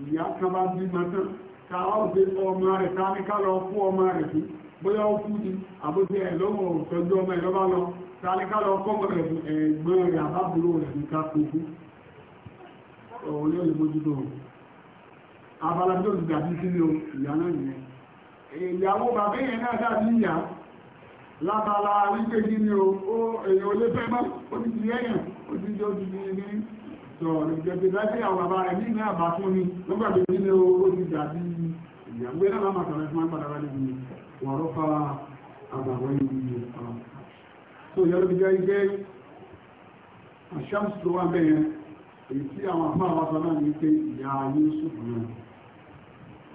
ìyá kan bá bímọ tán ká wá òde ọmọ rẹ̀ ká ní ká lọ fún ọmọ rẹ̀ fún bóyá ó kú ni àbótí ẹ̀ lọ́wọ́ òtọ́jú ọmọ ẹ̀ lọ́ba lọ ká ní ká lọ kọ́ ẹ̀gbọ́n rẹ̀ àbábúrò rẹ̀ ní ká kó òun yóò lè mójútó òun abala tó ti dàbí sílé o ìyá náà nìyẹn ìyàwó bàbá yẹn náà dàbí ìyá lábala wípé kí ni o èèyàn olé fẹ́ mọ́ ó ti di ẹ̀yàn ó ti di ojú ní ní sọ ìjẹ̀dẹ̀ láti àwọn bàbá rẹ̀ nínú àbá fún ni lọ́gbàgbé kí ni o ti dàbí ìyàwó náà máa sọ̀rọ̀ fún agbára níbi wọ̀rọ̀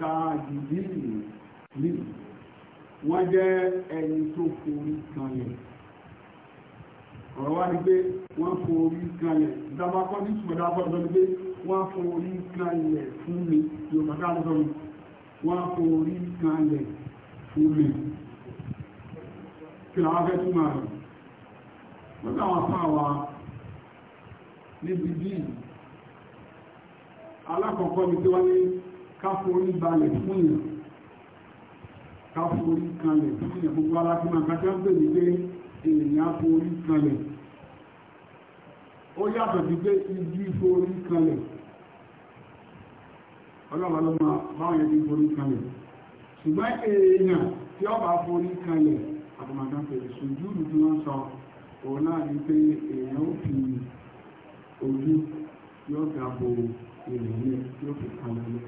káàdìdìrì ní wọ́n jẹ́ ẹni tó forí kanlẹ̀ ọ̀rọ̀ wá ní pé wọ́n forí kanlẹ̀ ìdábákọ́ ní ṣùgbọ́n dábọ́ ní pé wọ́n forí kanlẹ̀ fún mi yóò kàkà lọ́sọ̀ mi wọ́n forí kanlẹ̀ fún mi kí làwọn fẹ́ túmọ̀ rẹ̀ wọ́n táwọn fáwa níbi bíi alákọ̀ọ́kọ́ mi tí wọ́n ní káforí balẹ̀ fún yàn káforí kalẹ̀ fún yàn gbogbo alákùnrin àkájá ń bèèrè pé èèyàn forí kalẹ̀ ó yàtọ̀ sí pé igi forí kalẹ̀ ọlọ́wọ́ ló máa báwọn ẹbí forí kalẹ̀ ṣùgbọ́n èèyàn tí ó bá forí kalẹ̀ àbùmọ̀dá pẹ̀lú sùjúdù tí wọ́n sọ òun náà ní pé èèyàn ó fi ojú yóò gbàgbó ìrìnlẹ̀ yóò fi kalẹ̀ lọ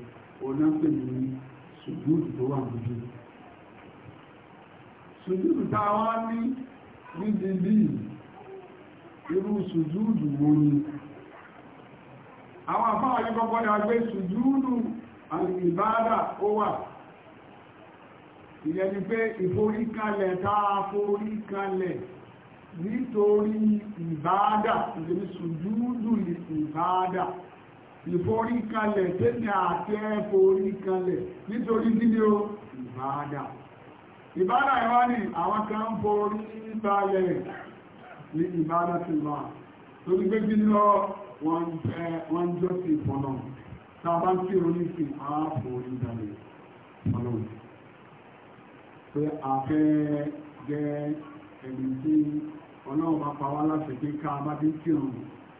onáfẹ́ ní sùjúdù tó wà níbi sùjúdù táwa ní níbi bí irú sùjúdù wo ni àwọn àfáà ní kọ́kọ́ ni a gbé sùjúdù àìbádà ó wà ìyẹn ni pé ìforíkalẹ̀ táa foríkalẹ̀ nítorí ìbádà ìdí sùjúdù ìbádà ìforíkalẹ̀ tẹ́mi àti ẹ̀foríkalẹ̀ nítorí nílé o ìbáadà ìbáadà ìwá ní àwọn kan ń forí balẹ̀ ní ìbáadà ti wà torí pé bí lọ wọ́n jọ sí ìfọ́nà tàbá sí oníṣì àforí balẹ̀ fọ́nà pé àfẹ́ jẹ́ ẹ̀mí tí ọlọ́run bá pa wá láti pé ká bá dé kírun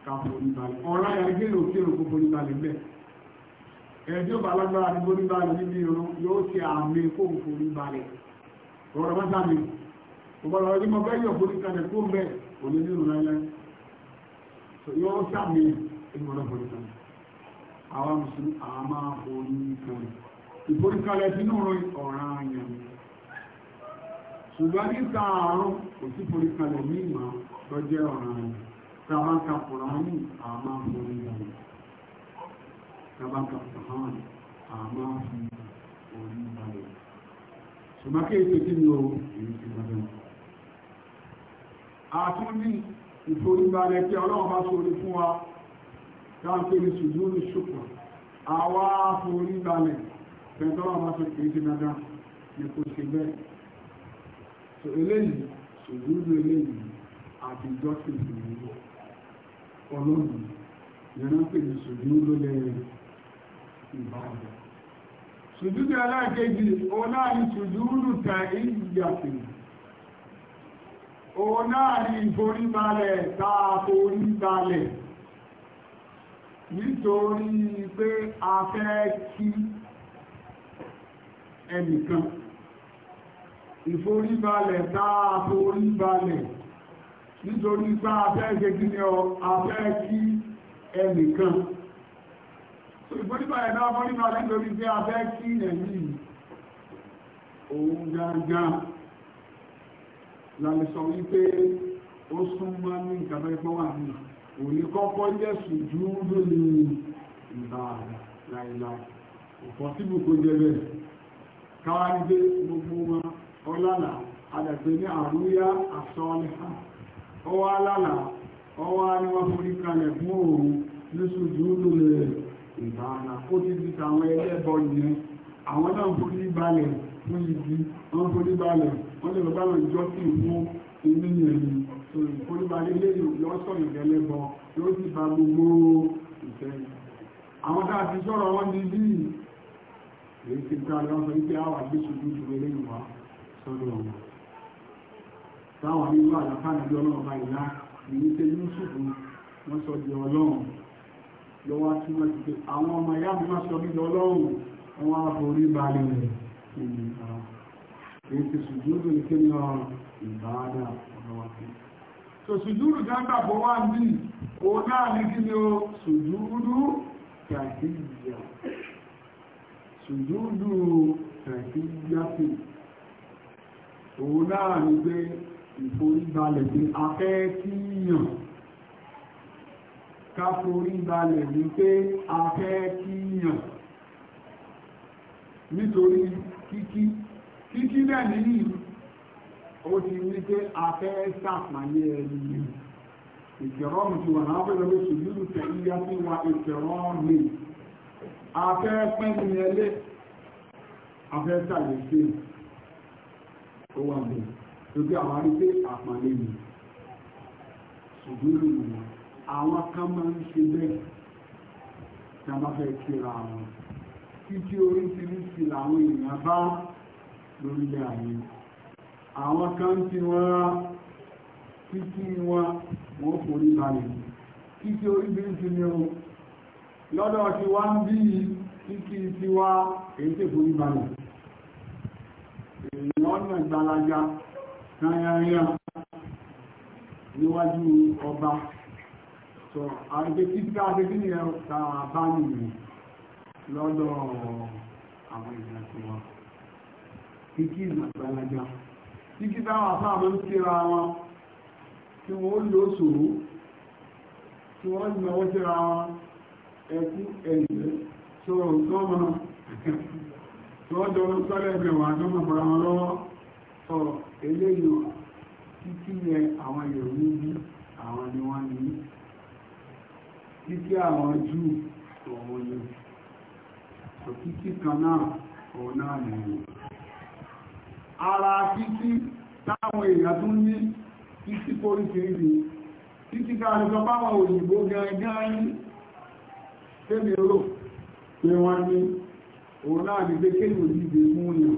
ká forí balẹ̀ ọ̀rá ẹgbẹ́ ló kí èrò kó forí balẹ̀ bẹ́ẹ̀ ẹjọ́ balágbára ní forí balẹ̀ níbi irun yóò ṣe àmì kó forí balẹ̀ ọ̀rọ̀ bá sàmì ọ̀pọ̀lọ̀ ọdún mọ́ bẹ́ẹ̀ yọ̀ forí kalẹ̀ kó bẹ́ẹ̀ kò ní nínú láíláí yóò sàmì ìmọ̀lọ́ forí kalẹ̀ àwọn mùsùlùmí àwọn máa forí kalẹ̀ ìforí kalẹ̀ sínú ọ̀rọ̀ àyàn ṣùgbọ́n níta àrùn kò sí forí kalẹ̀ ní ìmọ̀ lọ́jẹ́ ọ̀rọ̀ àyàn sábà ń ka kùránì àmà forí balẹ̀ sábà ń ka kùránì àmà forí balẹ̀ ṣùgbọ́n kí èso kí ni o èyí ti bá bẹ́ẹ̀. àtún ní ìforíbalẹ̀ tí ọlọ́run bá sórí fún wa káńpé ní ṣùgbọ́n ní ṣùpọ̀ àwa forí balẹ̀ pẹ̀tọ́lọ́run bá sọ kìí ṣe dandan ní àti ìjọ́sìn ìlú olóògùn ìrántí ní ṣùgbọ́n ló lẹ́yìn ìbáàdà ṣùgbọ́n aláàkejì oláàrin ṣùgbọ́n ta ìyàfẹ́ oláàrin ìforíbalẹ̀ táa forí balẹ̀ nítorí pé a fẹ́ kí ẹnìkan ìforíbalẹ̀ táa forí balẹ̀ nítorí pé afẹ́ẹ̀ṣẹ́ kí ni ọ afẹ́ kí ẹnìkan ìgbóníbà ẹ̀dá fọ́nìbà nítorí pé afẹ́ kí ẹ̀yìn òun gangan lálẹ́ sọ wípé ó súnmọ́ ní ìkàtà ẹgbọ́n wà ní òní kọ́kọ́ jẹ́ sùjúúdù ní ìgbà láìláì ọ̀pọ̀ síbù kó jẹ́ bẹ́ẹ̀ káwàá ní pé gbogbo wọn ọlálà adàgbé ní àrúyá àsọ́ọ́lẹ́hàn ó wá lálà ó wá ní wọ́n forí kalẹ̀ fún òun ní ṣùjú lulẹ̀ ìbára ó ti di tàwọn ẹlẹ́bọ yẹn àwọn náà forí balẹ̀ fún ibi wọ́n forí balẹ̀ wọ́n lè bàbá wọn jọ́ sí fún inú yẹn ni tó forí balẹ̀ lẹ́yìn lọ́sọ̀ ìgbẹ́lẹ́bọ yóò sì ba gbogbo ìfẹ́ àwọn tá a ti sọ̀rọ̀ wọn ní bí èyí ti gbá lọ́sọ̀ wípé àwọn àgbéṣojú ìṣòro sọ́dọ̀ wọn táwọn nínú àlàfà nàbí ọlọ́run bá ìlà ìlú tẹ yúsùfù wọ́n sọ di ọlọ́run lọ́wọ́ tí wọ́n ti pé àwọn ọmọ ìyá mi máa sọ bí ọlọ́run wọ́n á forí balẹ̀ ìgbà èyí ti sùdúrù ní kí ni ọ̀rọ̀ ìbáadà ọlọ́wọ́ sí so sùdúrù dáńgbàgbọ́ wà ní òun náà ní kí ni ó sùdúrù kàdíyà sùdúrù kàdíyà ìforíbalẹ̀ pé afẹ́ kí yàn ká foríbalẹ̀ ní pé afẹ́ kí yàn nítorí kíkí kíkí náà nínú ó ti ní pé afẹ́ sàpàyẹ ẹni ìkẹ̀rọ́mù ti wà náà pẹ̀lú ṣùgbọ́n tẹ̀yíyá sí wa ìkẹ̀rọ́mù afẹ́ pẹ́ni ẹlé afẹ́ sí ó wà bẹ̀rẹ̀ lójú àwọn arígbé àpàlẹ mi ṣùgbọ́n lòun wọn àwọn kan máa ń ṣe bẹ́ẹ̀ tí a bá fẹ́ kíra wọn títí orí ti ní sí làwọn èèyàn bá lórílẹ̀ ayé àwọn kan tí wọ́n rá títí wọn wọ́n forí balẹ̀ títí orí bí ti ní o lọ́dọ̀ ti wá ń bí títí ti wá èyí tè forí balẹ̀ èèyàn náà gbalaja yányányán níwájú ọba sọ àìgbé títà àgbébí ni ẹ̀rọ ta bá nìyẹn lọ́dọ̀ àwọn ìrìnàjò wa kíkí ìgbàgbàlagbà kíkí táwọn afáàmọ́ ń kíra wọn tí wọ́n lò sòrò tí wọ́n náwó síra wọn ẹkú ẹ̀yẹ́ sọ̀rọ̀ sọ́mọ́ tí wọ́n jọ lọ́sọ́lẹ̀ ẹgbẹ̀wọ̀n àjọ́mọ̀ sọ eléyò títí yẹ àwọn yòówù bí àwọn ni wọ́n ní títí àwọn jù òun ni òtítí kan náà òun náà nìyí ara títí táwọn èèyàn tún ní títí póríṣiríṣi títí káàrí sọ báwọn òyìnbó gẹ́gẹ́ ní tẹ́lẹ̀ rò pé wọ́n ní òun náà ní pé kéèyàn yìí dé fún yàn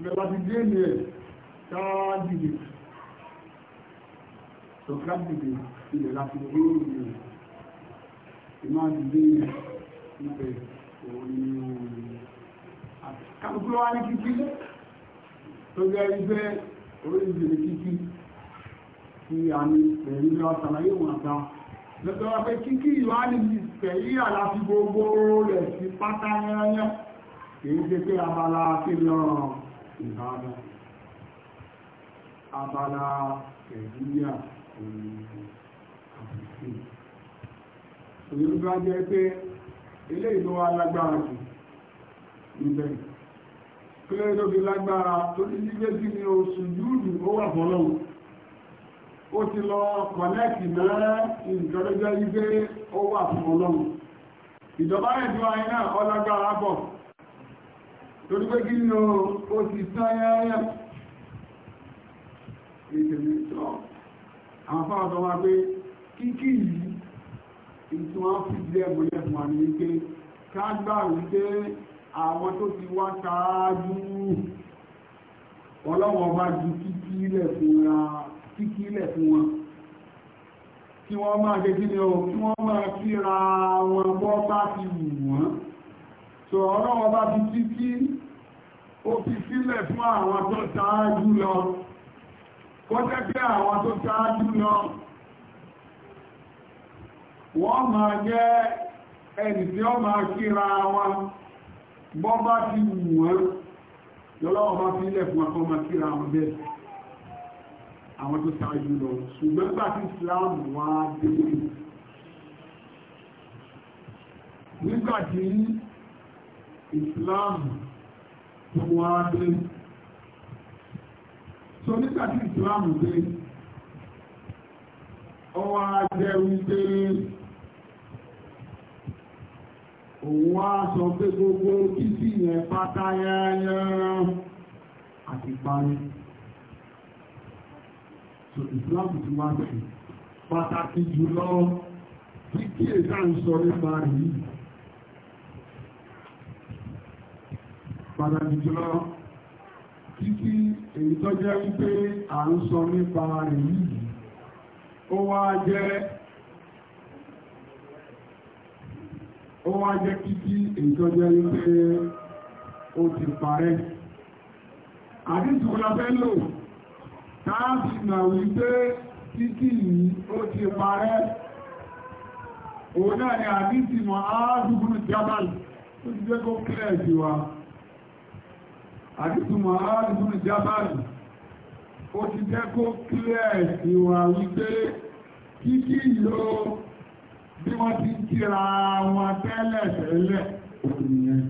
ìrọ̀lá ti dé ní ẹ̀ káàdìdì tó káàdìdì ilẹ̀ láti rí ìrìn ìmáàdìdì ìpẹ̀ òní kàbùkú wá ní kíkí tó jẹ́ ibẹ́ orílẹ̀-èdè kíkí tí a ní pẹ̀lú ọ̀sàlàyé wọn àta lọ́tọ́ wá pé kíkí ìwá ní pẹ̀lú àláfi gbogbo rẹ̀ sí pátá yányán kìí ṣe pé abala kí lọ́rọ̀ ìbáná abala ẹ̀dúnyà àbùsí òyìnbó bá jẹ́ pé ilé ìlú wa jù níbẹ̀ kílẹ̀ tó fi lágbára ni oṣù júùdù ó wà ó ti lọ kọ̀nẹ́kì mẹ́rẹ́ ìjọba náà ọlágbára torí pé kí ló ó ti sáyáyá ìtẹ̀lé sọ àwọn fáwọn tó wá pé kíkí yìí ìtún wọn fi jẹ́ ìmọ̀lẹ́ fún wa ní wípé ká gbà wípé àwọn tó ti wá ṣáájú ọlọ́wọ́ bá ju kíkí ilẹ̀ fún wọn kí wọ́n máa jẹ́ kí ni ó kí wọ́n máa kíra wọn bọ́ bá ti wù wọ́n so ọ̀rọ̀ ọba fi títí ó fi sílẹ̀ fún àwọn tó ṣáájú lọ kó jẹ́ pé àwọn tó ṣáájú lọ wọ́n ma jẹ́ ẹni tí ó kíra wọn bọ́ bá ti wọ́n bá fi ilẹ̀ fún ma kíra wọn bẹ́ẹ̀ àwọn tó lọ ṣùgbọ́n gbà tí Islam wá ìsìláàmù tó wá dé so nígbà tí Islam dé ọwọ́ ajẹ́ wípé òun wá sọ pé gbogbo títí yẹn pátá yẹ́yẹ́rán àti parí so Islam ti wá sí pàtàkì jùlọ tí kí èsà ń sọ nípa yìí pàtàkì jùlọ títí èyí tó jẹ́ wípé à ń sọ nípa rẹ̀ yìí ó wá jẹ́ ó wá jẹ́ títí èyí tó jẹ́ wípé ó ti parẹ́ àdísùn lábẹ́ lò káàkì nà wípé títí yìí ó ti parẹ́ òun náà ni àdísùn mọ̀ jábàlì ó ti jẹ́ kó kílẹ̀ sí wa àdìsúnmọ̀ ààrùn jábàrì ó ti tẹ́kó kílẹ̀ ìwà wípé kíkí yóò bí wọ́n ti kíra wọn tẹ́lẹ̀ tẹ́lẹ̀ òmìnir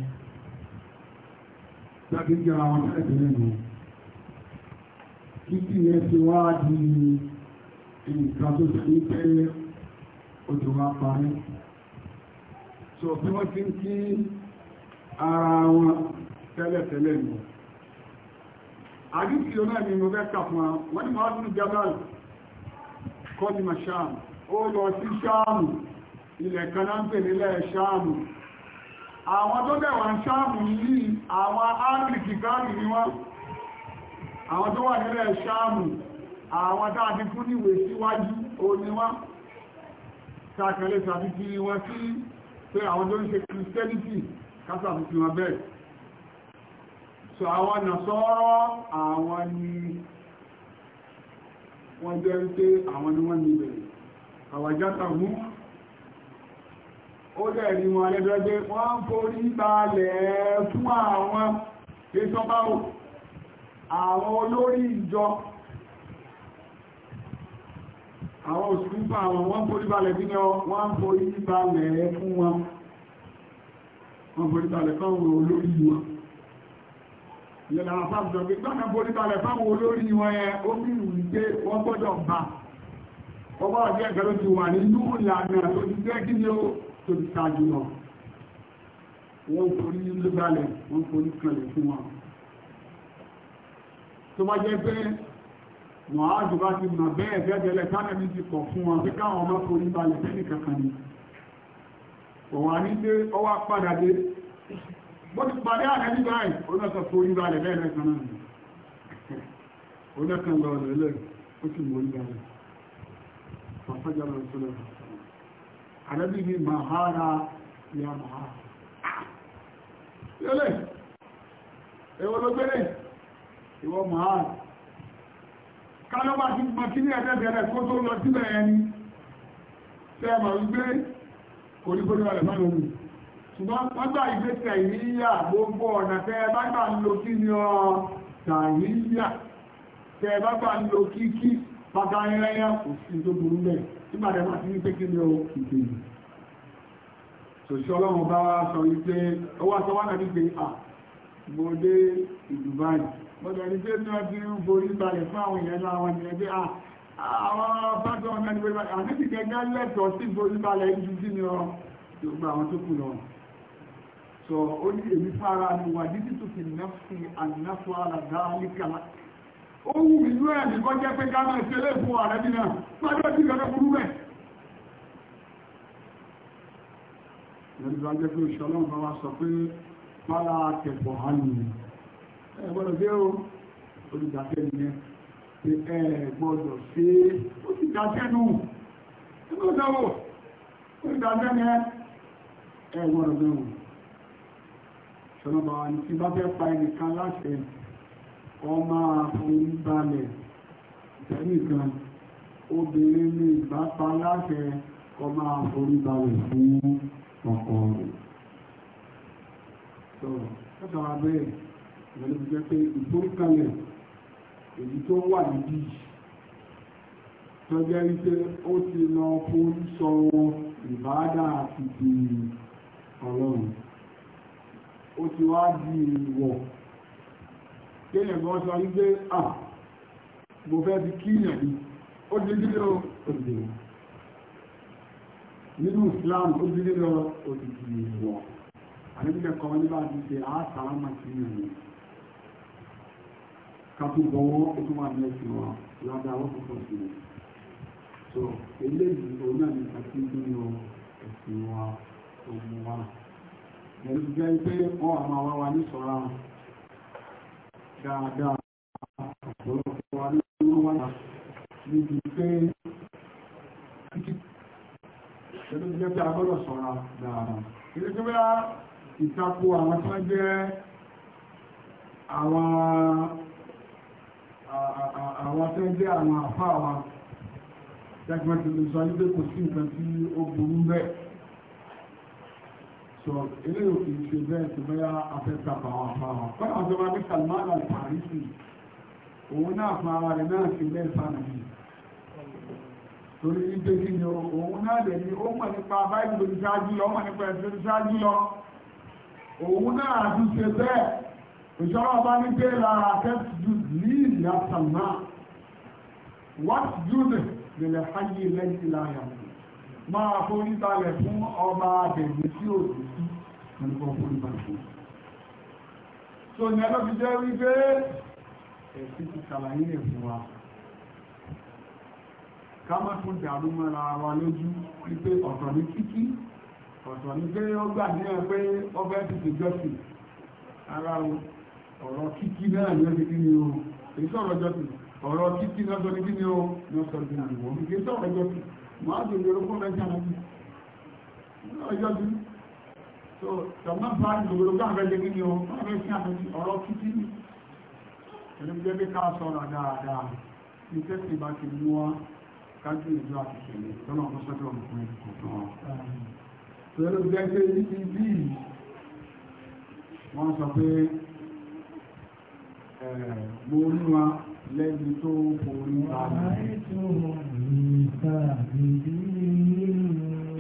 láti kíra wọn tẹ́lẹ̀ tẹ́lẹ̀ nù kíkí yẹn ti wá di nǹkan tó ṣe ní pé òjò wa parí so bí wọ́n ti ń kí ara wọn tẹ́lẹ̀ tẹ́lẹ̀ nù àdíkì náà ni mo fẹ́ kà fún wa wọ́n ni máa tún jabal kọ́dìmọ̀ ṣáàmù ó lọ sí ṣáàmù ilẹ̀ kan náà ń pè nílẹ̀ ṣáàmù àwọn tó dẹ̀wà ṣáàmù yìí àwọn áfíríkì ni wọ́n àwọn tó wà nílẹ̀ ṣáàmù àwọn tá a ti fún níwè síwájú òní wọ́n so àwọn nàṣọ́rọ́ àwọn ni wọ́n jẹ́ wípé àwọn ni wọ́n níbẹ̀ àwàjáta mú ó dẹ̀ ní wọn lẹ́dọ́gbé wọ́n ń forí balẹ̀ fún àwọn ìsọ́báwò àwọn olórí ìjọ àwọn òṣìṣẹ́ àwọn wọ́n forí balẹ̀ bí ní wọ́n forí balẹ̀ fún wọn wọ́n forí balẹ̀ fún àwọn olórí wọn ìyẹn làwọn fáàmù pé gbọ́nà borí balẹ̀ fáwọn olórí wọn yẹn o bí ìrùn pé wọ́n gbọ́dọ̀ bá ọgbọ́ ọjọ́ ẹ̀gbẹ́ ló ti wà nínú ìlànà tó ti jẹ́ kí ni ó tó ti ṣáájú lọ wọ́n forí ló balẹ̀ wọ́n forí kanlẹ̀ fún wọn tó bá jẹ́ pé wọ́n á jù bá ti mọ̀ bẹ́ẹ̀ bẹ́ẹ̀bẹ̀lẹ̀ tánàbí ti kọ̀ fún wọn pé káwọn bó ti pàdé àdájú báyìí onáka forí balẹ̀ lẹ́ẹ̀rẹ́ kan náà onáka lọ rẹ̀ lẹ́ ó sì mọ̀ nígbà rẹ̀ pàfẹ́jà lọ sọ́lọ́ àdájú ní mahara ya mahara yẹlẹ̀ ẹwọ́ ló gbélé ìwọ mahara kálọ́bà ti mọ̀ kí ní ẹ̀dẹ́gbẹ̀rẹ̀ kó tó lọ sílẹ̀ ẹni tẹ́ mọ̀ wípé kò ní kó ní wà lẹ̀ fáwọn ohun ṣùgbọ́n wọ́n gbà ìgbésẹ̀ ìyíyà gbogbo ọ̀nà tẹ́ bá gbà ń lo kí ni ọ tàìyíyà tẹ́ bá gbà ń lo kíkí bàbá ẹrẹ́yà kò sí tó burú bẹ́ẹ̀ tí màdà máa ti ní pé kí ni ọ ìgbèyìn ṣòṣọ́lọ́run bá wá sọ wípé ó wá sọ wá náà wípé à mo dé Dubai mọ́tò ní pé tí wọ́n ti ń borí balẹ̀ fún àwọn èèyàn náà wọn ni ẹgbẹ́ à àwọn fásitì ọ̀nà ìgbésẹ̀ àti ìgbẹ́gbẹ́ lẹ́tọ̀ọ́ sí borí balẹ̀ ju kí ni ọ gbogbo àwọn tó kù náà so ó ní èmi fara ni wà ní títútù nẹ́fì ànáfọ́ àlàdá níkàlá ó wù mí lú ẹ̀mí kọ́ jẹ́ pé gánà ìṣẹ́lẹ̀ fún ààrẹ bí náà pàdé sí ìrẹ́lẹ̀ burú bẹ́ẹ̀ lẹ́nu tó jẹ́ pé ìṣọ́lọ́ bá wa sọ pé fara kẹfọ̀ hánì ẹ gbọ́dọ̀ dé o olùdásẹ́ nìyẹn pé ẹ gbọ́dọ̀ ṣe ó ti dáṣẹ́ nù ẹ gbọ́dọ̀ wò olùdásẹ́ nìyẹn ẹ gbọ́dọ̀ bẹ́ẹ̀ wò ṣọ́nàbà wà ní tí bá fẹ́ pa ẹnìkan láṣẹ ọmọ àforíbalẹ̀ ìtẹ́nìkan obìnrin ní ìbápa láṣẹ ọmọ àforíbalẹ̀ fún ọkọ rẹ̀ tó látara bẹ́ẹ̀ ìrọ̀lẹ́ fi jẹ́ pé ìforíkalẹ̀ èyí tó wà níbí tọ́jẹ́ wípé ó ti lọ fún sọ ìbáadà àti ìdí ọlọ́run ó ti wá di ìwọ̀ kéèyàn gan sọ wípé à mo fẹ́ fi kíyàn ní ó di nílò òdìdì nínú Islam ó di nílò òdìdì ìwọ̀ àníbíkẹ́ kan nígbà tí ṣe àásàámà kíyàn ní kàtó bọ̀wọ́ ó tún wà ní ẹ̀sìn wa ládàá ó kọ́kọ́ sí i so eléyìí òun náà ní àti nínú ẹ̀sìn wa tó mú pẹ̀lú jẹ́ pé wọ́n àmà wá wa ní sọ́ra dáadáa ọ̀pọ̀lọpọ̀ wa ní wọ́n wá náà níbi pé pẹ̀lú jẹ́ pé agbọ́dọ̀ àwọn tí wọ́n jẹ́ àwọn tí wọ́n jẹ́ àwọn àfáà wa jẹ́ pé kò sí nǹkan tí ó burú bẹ́ẹ̀ so ilé òfin ṣe bẹ́ẹ̀ tó bẹ́yà afẹ́ta bàwà fáwà fọ́nà tó bá ní Salman al-Farisi òun náà fún ara rẹ̀ náà ṣe bẹ́ẹ̀ fánà yìí torí ipe kí ni òun náà lè ní ó mọ̀ nípa báyìí tó ti ṣáájú lọ ó mọ̀ nípa ẹ̀sìn tó ti ṣáájú lọ òun náà tún ṣe bẹ́ẹ̀ ìṣọ́rọ̀ ọba ní pé lára tẹ́tù ní ìyá wàtí jùlọ lè lè háyé lẹ́yìn máa foríbalẹ̀ fún ọba abẹ̀mí tí ò sí sí ẹnìkan foríbalẹ̀ fún so ní ẹlọ́fi jẹ́ wípé ẹ̀sìn ti ṣàlàyé rẹ̀ fún wa ká má tún dàrú mọ́ra wa lójú wípé ọ̀tọ̀ ní kíkí ọ̀tọ̀ ní pé ó gbà ní ẹ pé ọba ẹ̀sìn ti jọ́sìn ara ọ̀rọ̀ kíkí náà ní ẹ̀sìn kí ni o èyí sọ̀rọ̀ jọ́sìn ọ̀rọ̀ kíkí náà sọ ní kí ni o ní ọ̀sọ̀ ìgbìyànjú òun sọ̀rọ̀ jọ́sìn máàdì lè rúkún mẹ́ta náà ní ọjọ́ bí so tọ́mọ́ bá ìgbòrò bá rẹ̀ lè ní ọ bá rẹ̀ sí àwọn ọ̀rọ̀ títí ní ẹni jẹ́ bí ká sọ̀rọ̀ dáadáa ní tẹ́sí bá ti mú wá kájú ìjọ àti ìṣẹ̀lẹ̀ tọ́nà ọ̀pọ̀ sọ́dọ̀ ọ̀pọ̀ ẹ̀kọ́ pẹ̀lú jẹ́ pé níbi bí wọ́n sọ pé mo ní wa lẹ́ni tó borí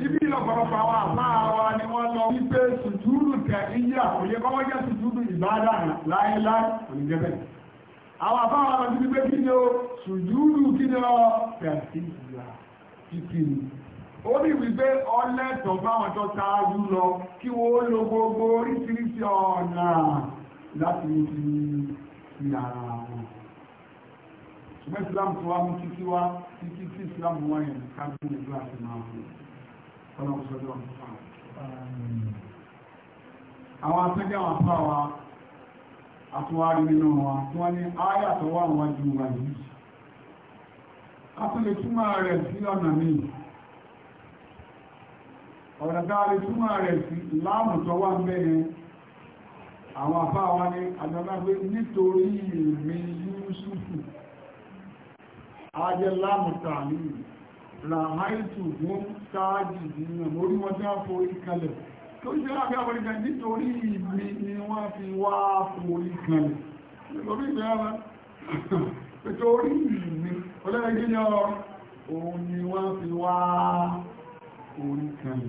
Ibi ìlọ̀pọ̀lọpọ̀ àwọn àmáà wa ni wọ́n lọ wípé sùtúrù tẹ̀ iye àkòyẹ kọ́wọ́ jẹ́ sùtúrù ìbádà láíláí òníjẹ́bẹ̀. Àwọn àbáwọn àwọn ti wípé kí ni ó sùjúrù kí ni ó pẹ̀sí ìyà kíkiri. Ó ní wípé ọlẹ́tọ̀ báwọn tó táájú lọ kí wọ́n lo gbogbo oríṣiríṣi ọ̀nà láti fi ìyàrá wọn ṣùgbọ́n islam tó wá mú títí wá títí tí islam wá yẹn ká ní ìlú àti máa fún ọ̀nà òṣèlú ọ̀nà fún àwọn atẹ́gẹ́ àwọn afá wa àtúwárí nínú wọn tí wọ́n ní áyà tó wà wọn ju yìí a tún lè túmọ̀ rẹ̀ sí ọ̀nà míì ọ̀nà tá a lè túmọ̀ rẹ̀ sí láàmù tó wà ń bẹ́ẹ̀ àwọn afá wa ní àjọ náà pé nítorí èmi Yúsúfù ajẹ́ lámùta nínú ràmáìtù wọ́n sáájì nínú orí wọn tí wọ́n forí kalẹ̀ tó ṣe láàbí àwọn nítorí ìmì ni wọ́n fi wá forí kalẹ̀ nítorí ìgbà wọn nítorí ìmì olóògbé ní ni wọ́n fi wá forí kalẹ̀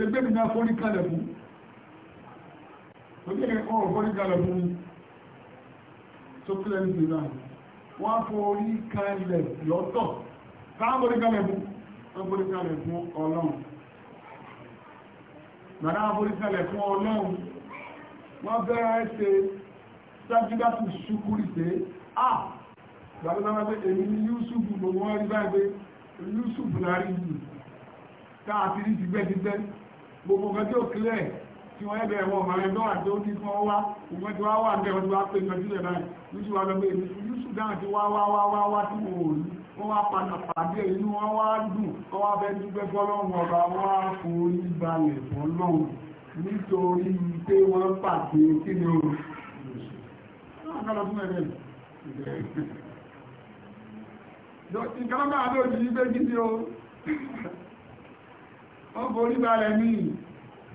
gbẹ̀gbẹ̀ mi náà forí kalẹ̀ fún tó jẹ́ ẹ̀kọ́ forí kalẹ̀ kílẹ̀ ní ìlànà wọ́n forí kalẹ̀ lọ́tọ̀ sáwọn forí kalẹ̀ fún wọ́n forí kalẹ̀ fún ọlọ́run bàdá forí kalẹ̀ fún ọlọ́run wọ́n bẹ̀rẹ̀ ṣe sájúdátù ṣúkúrì pé à gbàgbàgbà pé èmi ní Yúsùfù gbogbo wọn rí báyìí pé Yúsùfù lárí yìí káàkiri jìgbẹ́jìgbẹ́ gbogbo ọjọ́ kílẹ̀ tí wọ́n bẹ̀rẹ̀ wọ́n ma rẹ̀ lọ́wà tó ní fún ọwá ìwọ́n tí wá wà ń bẹ̀ wọ́n tí wá pé ìgbẹ̀jú rẹ̀ báyìí ní tí wá lọ bẹ̀rẹ̀ ní Sudan tí wá wá wá wá wá tí wò ó rí wọ́n wá padà pàdé inú wọn wá dùn wọ́n wá bẹ́ dúpẹ́ fọ́lọ́run ọba wá forí balẹ̀ fọ́lọ́run nítorí pé wọ́n pàdé kí ni o ìkàlọ́gbà àdó òjì yí pé kí ni o ó forí balẹ̀ míì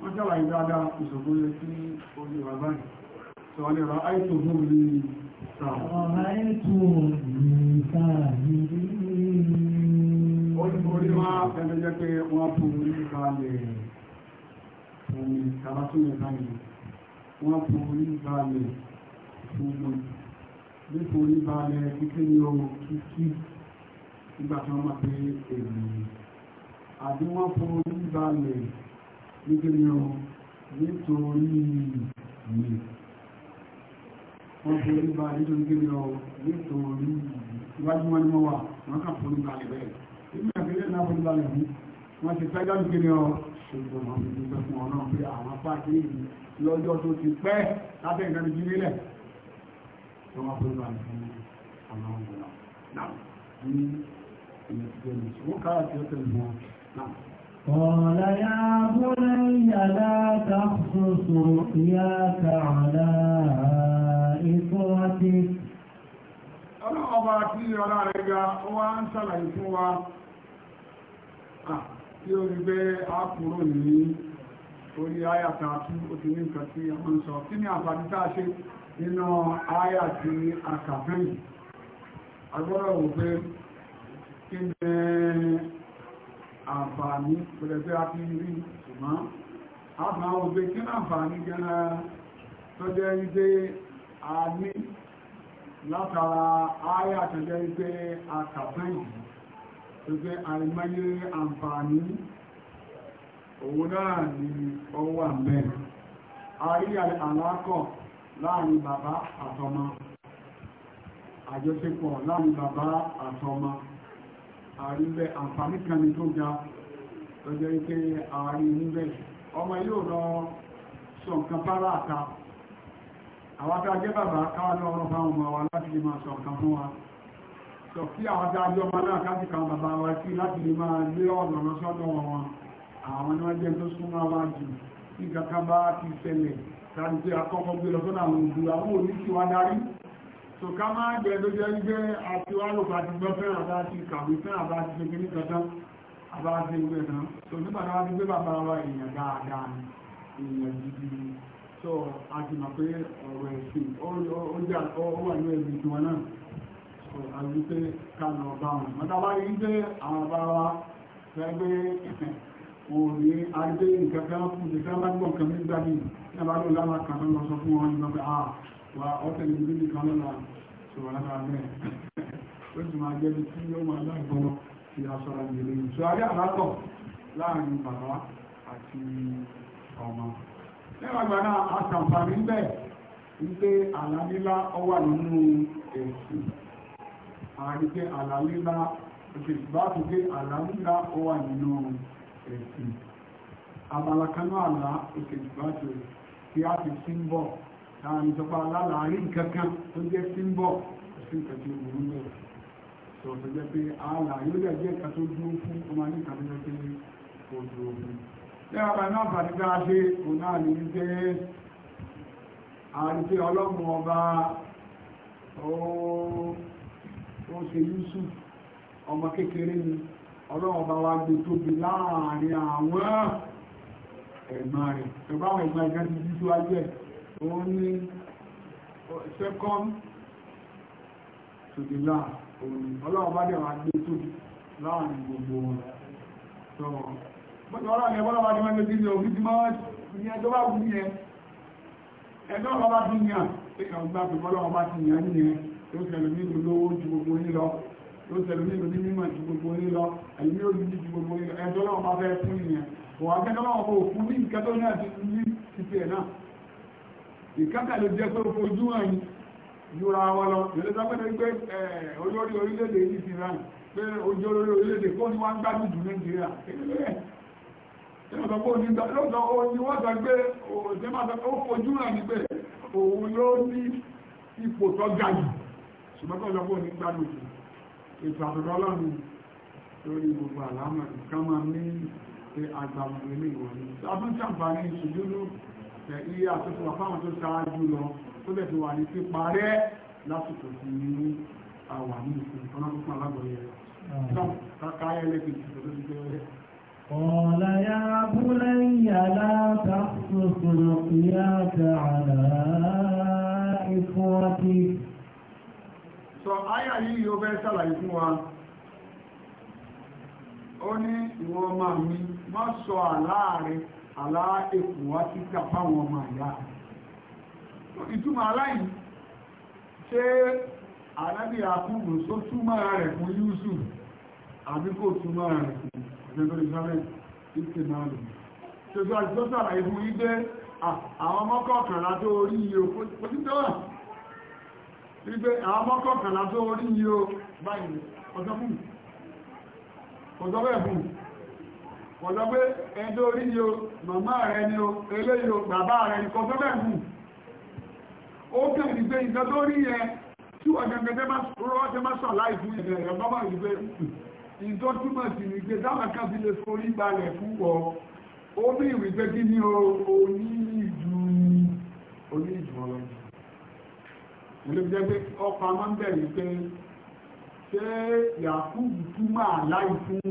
wọ́n jẹ́ wàyí dáadáa ìṣògbó lè sí orí wà báyìí tí wọ́n lè rọ àìtò fún mi ní orí wá ẹgbẹ́ jẹ́ pé wọ́n fún mi nípa lè máa pé èèyàn àbí fún mi nípa nítorí wọn nítorí mi wọ́n forí ba nítorí kébí ọ nítorí iwájú wọn ni wọ́n wà wọ́n kà forí ba lẹ̀ bẹ́ẹ̀ ibi àgbélé náà forí ba lẹ̀ fún wọ́n ti fẹ́ dájú kébí ọ ṣùgbọ́n wọn fi dúpẹ́ fún ọ pé àwọn apá kéèyàn lọ́jọ́ tó ti pẹ́ lábẹ́ ìdájọ́ jí nílẹ̀ tó wọ́n forí ba lẹ̀ fún àwọn ọmọ náà ní ìyẹn قال يا بني لا تخصص رؤياك على إخوتك ọlọ́ọ̀bá tí ọlá rẹ̀ ga wá ń sàlàyé fún wa tí ó rí bẹ́ àkúrò ní orí ayàtà tí ó ti ní nǹkan tí a ń sọ kí ni àfàdí táa ṣe nínú ayàtì àkàfẹ́yìn agbọ́rọ̀ wò pé kí ni àǹfààní pẹ̀lẹ̀gbẹ́ àti rí ṣùgbọ́n àwọn ògbé kí ní àǹfààní gẹ́nà tó jẹ́ wípé a ní látara ayà tó jẹ́ wípé a kàfẹ́ yìí tó jẹ́ àìmọye àǹfààní òun náà ni ọwọ́ àmẹ́ àrí àlákọ̀ láàrin bàbá àtọmọ àjọṣepọ̀ láàrin bàbá àtọmọ àríwẹ̀ àǹfààní kan ní tó ga lọ́jọ́ ike àárín níbẹ̀ ọmọ yóò lọ sọ nǹkan bára àta àwọn tá a jẹ́ bàbá káwá lọ ọ̀rọ̀ fáwọn ọmọ wa láti lè máa sọ nǹkan fún wa sọ kí àwọn tá a jẹ́ ọmọ náà káàkiri kan bàbá wa sí láti lè máa lé ọ̀nà lọ sọ́dọ̀ wọn àwọn ni wọ́n jẹ́ tó súnmọ́ wa jù kí kankan bá ti ṣẹlẹ̀ láti pé akọ́kọ́ gbé lọ sọ́dọ̀ àwọn òdù àwọn òní so ká máa gbẹ̀ ló jẹ́ wípé àti wá lò bá ti gbọ́ fẹ́ràn bá ti kàwé fẹ́ràn bá ti ṣe kí ní kọjá àbá ti gbẹ̀ náà so nígbà tó wá ti gbé bàbá wa èèyàn dáadáa ni èèyàn gidi so a ti mọ̀ pé ọ̀rọ̀ ẹ̀sìn ó jà ó wà ní ẹ̀mí tí wọn náà so a rí pé ká lọ bá wọn mọ́tà wá rí pé àwọn bá wa fẹ́ gbé òun ní agbé nǹkan fẹ́ràn fún ìdíkẹ́ bá gbọ̀ǹkan nígbà yìí ní àbá láwọn kan tó lọ sọ fún wọn nígbà pé ah, wa ọ̀tẹ̀ ní bí kan lọ́la sọ̀rọ̀ lára mẹ́ẹ̀ ó sì máa ma bí tí ó máa láìpọ́n ti a ṣàǹfààní bẹ́ẹ̀ wípé àlá lílá ọ wà nínú ẹ̀sìn àrí pé àlá lílá òṣèlú pé àlá lílá ọ wà nínú ẹ̀sìn abala kanáà àlá táwọn ìjọba alálàárí kankan tó jẹ́ símbọ̀ sí nǹkan tí ó burú bẹ́ẹ̀ sọ tó jẹ́ pé ààlà yóò dẹ̀ jẹ́ nǹkan tó dúró fún ọmọ ní nǹkan tó jẹ́ pé ó dúró fún lẹ́yìn ọba náà bàtí bá a ṣe òun náà ní wípé àrífé ọlọ́gbọ̀n ọba ó ṣe Yusuf ọmọ kékeré ni ọlọ́run ọba wa gbé tóbi láàrin àwọn ẹ̀gbọ́n rẹ̀ ẹ̀gbọ́n ẹ̀gbọ́n ẹ̀gbọ́n ti òun ni second to the last òun ọlọ́run bá dẹ̀ wá gbé tó láàrin gbogbo wọn sọ bọ́tọ̀ ọlọ́run ẹgbọ́n bá ti máa ń gbé sí ní òfin tí máa ní ẹjọ́ bá wù yẹn ẹjọ́ bá bá ti yàn èèyàn gbá pé bọ́lọ́run bá ti yàn nìyẹn tó ṣẹlẹ̀ nínú lówó ju gbogbo yín lọ tó ṣẹlẹ̀ nínú ní mímọ̀ ju gbogbo yín lọ àyè ní òjì ju gbogbo yín lọ ẹjọ́ lọ́wọ́ bá fẹ́ fún ìyẹn òwò akẹ́kọ̀ọ́ lọ́wọ́ kò fún ní ìkẹ́tọ́ náà ti ní ti tiẹ̀ náà ìkátà ló jẹ́ pé ojú wọn yúra wọn lọ ìrẹsàpẹ́lẹ́ pé olórí orílẹ̀-èdè yìí ti rán pé ojú olórí orílẹ̀-èdè kó ní wọ́n ń gbádùn jù Nàìjíríà òun ló ní ipò tó ga jù ṣùgbọ́n tó lọ́pọ̀ ní gbádùn jù ètò àtọ̀dọ́ ọlọ́run lórí gbogbo àlámà ká máa ní àgbàmù ilé ìwọ̀n ní iye àtúntò àfáwọn tó ṣáájú lọ tó bẹ̀ tó wà ní sí parẹ́ lásìkò sí ní àwà ní ìsìn hmm. sọ ayà yìí yóò fẹ́ sàlàyé fún wa ó ní ìwọ ọmọ mi má sọ àlá aláàkùn wá sí kápá wọn ọmọ àyà ìtumọ̀ aláì ṣe ànábì àkúgbò só túmọ̀ rẹ̀ fún Yusuf àbí kò túmọ̀ rẹ̀ fún ọjọ́ ìsọ́lẹ̀ ìtìmọ̀lù ṣojú àjọ́ sàlàyé fún ibẹ́ àwọn mọ́kànlá tó orí iye òkúta wípé àwọn mọ́kànlá tó orí iye báyìí ọjọ́ fún ọjọ́ bẹ́ẹ̀ fún kò sọ pé ẹjọ́ orí ni o màmá rẹ ni o eléyìí o bàbá rẹ ni kò sọ bẹ́ẹ̀ mú ó kàn ní pé ìjọ tó rí yẹn tí wọ́n gẹ́gẹ́ tẹ́ máa sọ láì fún ẹ̀rẹ̀ rẹ̀ bábá yìí pé ìjọ túmọ̀ sí ni pé táwọn kan fi lè forí balẹ̀ fún wọ ó ní ìwé pé kí ni oní ìdù oní ìdù ọlọ́dún olóògbé pé ọkọ̀ àmọ́ ń bẹ̀rẹ̀ pé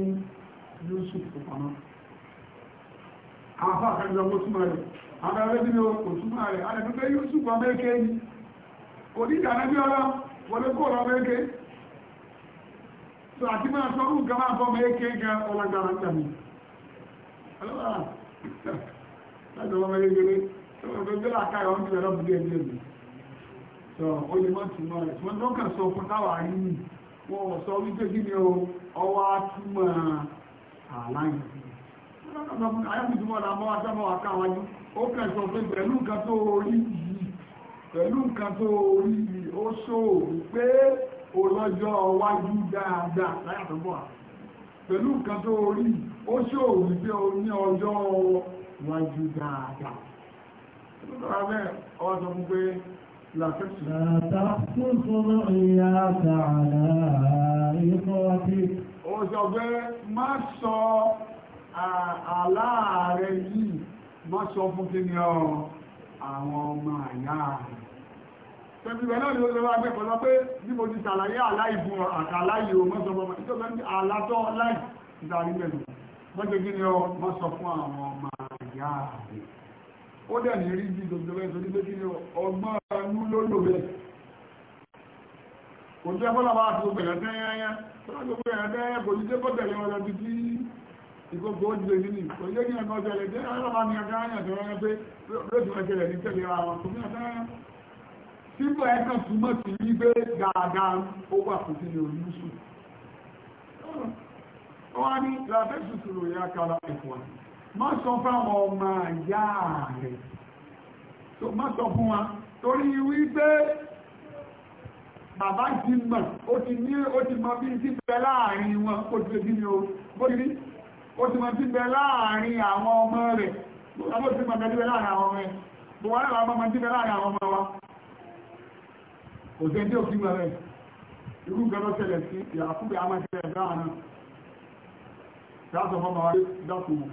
Yusuf tó pamọ́ àwọn àkàndà ọmọ túnmà rẹ̀ àwọn ẹgbẹ́ ní ọkọ̀ túnmà rẹ̀ alẹ́gbẹ́ Yusuf amẹ́kẹ́ ni kò ní ìdánẹ́bí ọlá wọlé kó ọ̀rọ̀ amẹ́kẹ́ tó àti máa tọrù gan máa bọ́ mẹ́kẹ́ gan ọlágbára ń tàbí ọlọ́wà láti ọmọ mẹ́kẹ́ tó ọgbẹ́ gbẹ́lá káyọ̀ ń tẹ̀lé ọmọdé ẹgbẹ́ mi sọ ó lè má túnmà rẹ̀ wọ́n tó kàn sọ fún táwà yìí wọ́n sọ wípé kí ni ọwọ́ á túnmà àláyìn ayébùsùmọ́lá mọ́ àtàmọ́ àkáwájú ó kẹsọ pé pẹ̀lú nǹkan tó orí yìí pẹ̀lú nǹkan orí yìí ó ṣòwò pé dáadáa láyàtọ̀bọ̀ pẹ̀lú nǹkan tó orí ó ṣòwò pé o ní ọjọ́ wájú dáadáa لا تحسس رؤياك على إخوتك ó sọ pé má sọ aláàrẹ yìí má sọ fún kí ni ọ àwọn ọmọ àyà rẹ̀ tẹ́bíbẹ̀ náà ni ó lọ́wọ́ agbẹ́ pẹ̀lú pé bí mo ti sàlàyé aláìbùn àkàláyé o mọ́ sọ fún ìjọba ní alátọ́ láì ìdarí mẹ́lú mọ́jẹ́ kí ọ mọ́ fún àwọn ọmọ àyà rẹ̀ ó dẹ̀ ní rí bí gbogbo ẹ̀ torí pé kí ni ọgbọ́n anú ló lò bẹ́ẹ̀ kò jẹ́ bọ́lá bá ti gbogbo ẹ̀yàn tẹ́yẹ́yẹ́ tọ́lá gbogbo ẹ̀yàn tẹ́yẹ́ kò ní jẹ́ kó tẹ̀lé wọn lọ bí tí ìgbogbo ó dìde nínú kò jẹ́ kí ni ọkọ̀ tẹ̀lé jẹ́ alábà ní ọjọ́ ayàn tó rẹ́ pé lóòtù wọn tẹ̀lé ní tẹ̀lé ara wọn kò ní ọjọ́ ayàn síbẹ̀ ẹ̀ kan túmọ̀ sí ní pé dáadáa ó wà kò sí ní olùsùn ó wá ní làbẹ́sùsùrù ìyá kala ìfọ̀nì má sọ fáwọn ọmọ àyá rẹ̀ má sọ fún wa torí wípé bàbá ti mọ̀ ó ti ní ó ti mọ bí ti bẹ láàrin wọn ó ti bí ní o bó ti rí ó ti mọ ti bẹ láàrin àwọn ọmọ rẹ̀ ó ti mọ bẹ láàrin àwọn ọmọ rẹ̀ bó wọ́n lára ọmọ ti bẹ láàrin àwọn ọmọ wa kò sẹ́ni tí ó rẹ̀ irú gbọ́dọ̀ ṣẹlẹ̀ sí ìyàkúbẹ̀ àmọ́ ṣẹlẹ̀ dáhà náà dáàtọ̀ wáyé dákùnmọ̀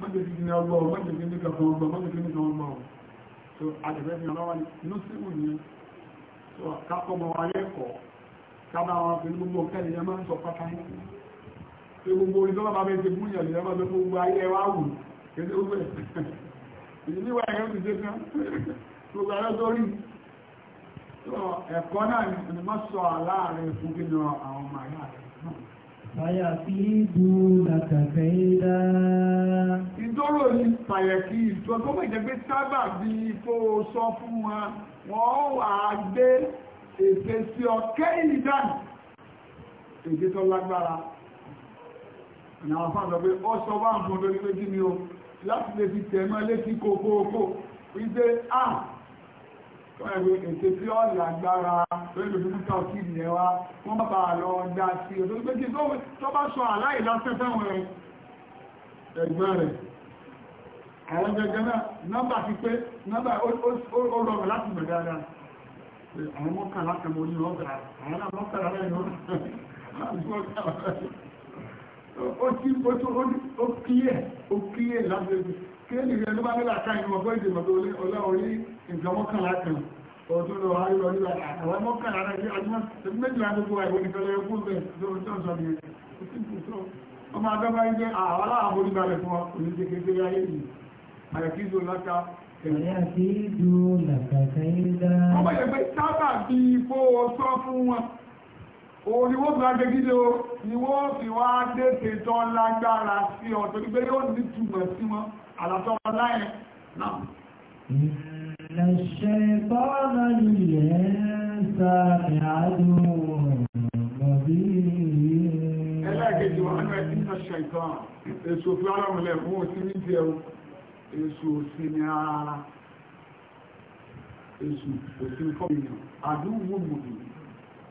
mọ́jẹ̀ kí ní ọgbọ́ mọ́jẹ̀ kí ní kàfọ́ ọgbọ́ mọ́jẹ̀ kí ní kàfọ́ ọgbọ́ so àdẹ̀fẹ́ fi ọlọ́wà ní síwù ní so kápọ̀ mọ́ wa lẹ́kọ̀ọ́ kábà wọn fi gbogbo kẹ́lẹ̀ yẹn máa ń sọ pátá ní ṣe Fàyàkìdù làkàfẹ́ dá. Ìdóró ni fàyàkìdù, ọkọ́ mẹ́jẹ pé sábà bí ipò sọ fún wa, wọ́n wà gbé èfè sí ọkẹ́ ìdánì. Èdè tó lágbára. Àwọn afọ́ àgbà pé ọ sọ bá ń fún lórí méjì ni o, láti lè fi tẹ̀ mọ́ létí kòkòókò, wípé à, ah! wọ́n ẹ̀rọ ètè tí ó lórí òṣèlú tó kí ni ẹ wá wọ́n bá bá lọ dá sí i òṣèlú pé kí tó bá sọ àláì lásán fẹ́wọn rẹ ẹgbẹ́ rẹ̀ àwọn gẹ́gẹ́ náà nọ́mbà ti pé nọ́mbà ó rọrùn láti mọ̀ dáadáa àwọn mọ́kànlá kan mo ní ọgbà àwọn mọ́kànlá rẹ̀ ní ó kíyè ó kíyè lábẹ́ kéèlì rẹ̀ ló bá nílà ká ìmọ̀ bọ́ ìdè mọ̀ tó ọlọ́run ní nǹkan mọ́kànlá kan ọdún lọ ayé lọ nígbà àwọn mọ́kànlá rẹ̀ ajúmọ́ méjìlá gbogbo àìwọ̀n ìfẹ́lẹ̀ ẹkú rẹ̀ lórí tó ń sọ nìyẹn ọmọ agbábá ń jẹ́ àwọn aláàbò nígbàlẹ̀ fún ọkùnrin jẹ́ kékeré ayé yìí àyàkí ìdó láta àyàkí ìdó làkàkà ìdá ọmọ ìyẹ̀pẹ̀ sábà bí kó o sọ fún wọn òun ni wọ́n gba gbẹgídé o ni wọ́n fi wá dé tètọ́ lágbára sí ọ̀tọ̀ nígbẹ́ yóò ní túmọ̀ sí wọn àlàtọ̀ ọláyẹn náà إن الشيطان للإنسان عدو مبين ẹlẹ́ẹ̀kejì wọn ní ẹ̀dínà ṣẹ̀tàn èso fi ọlọ́mọlẹ̀ fún òsì ní jẹ́ èso òsì ní ara èso òsì ní kọ́mìnà àdúgbò mòdì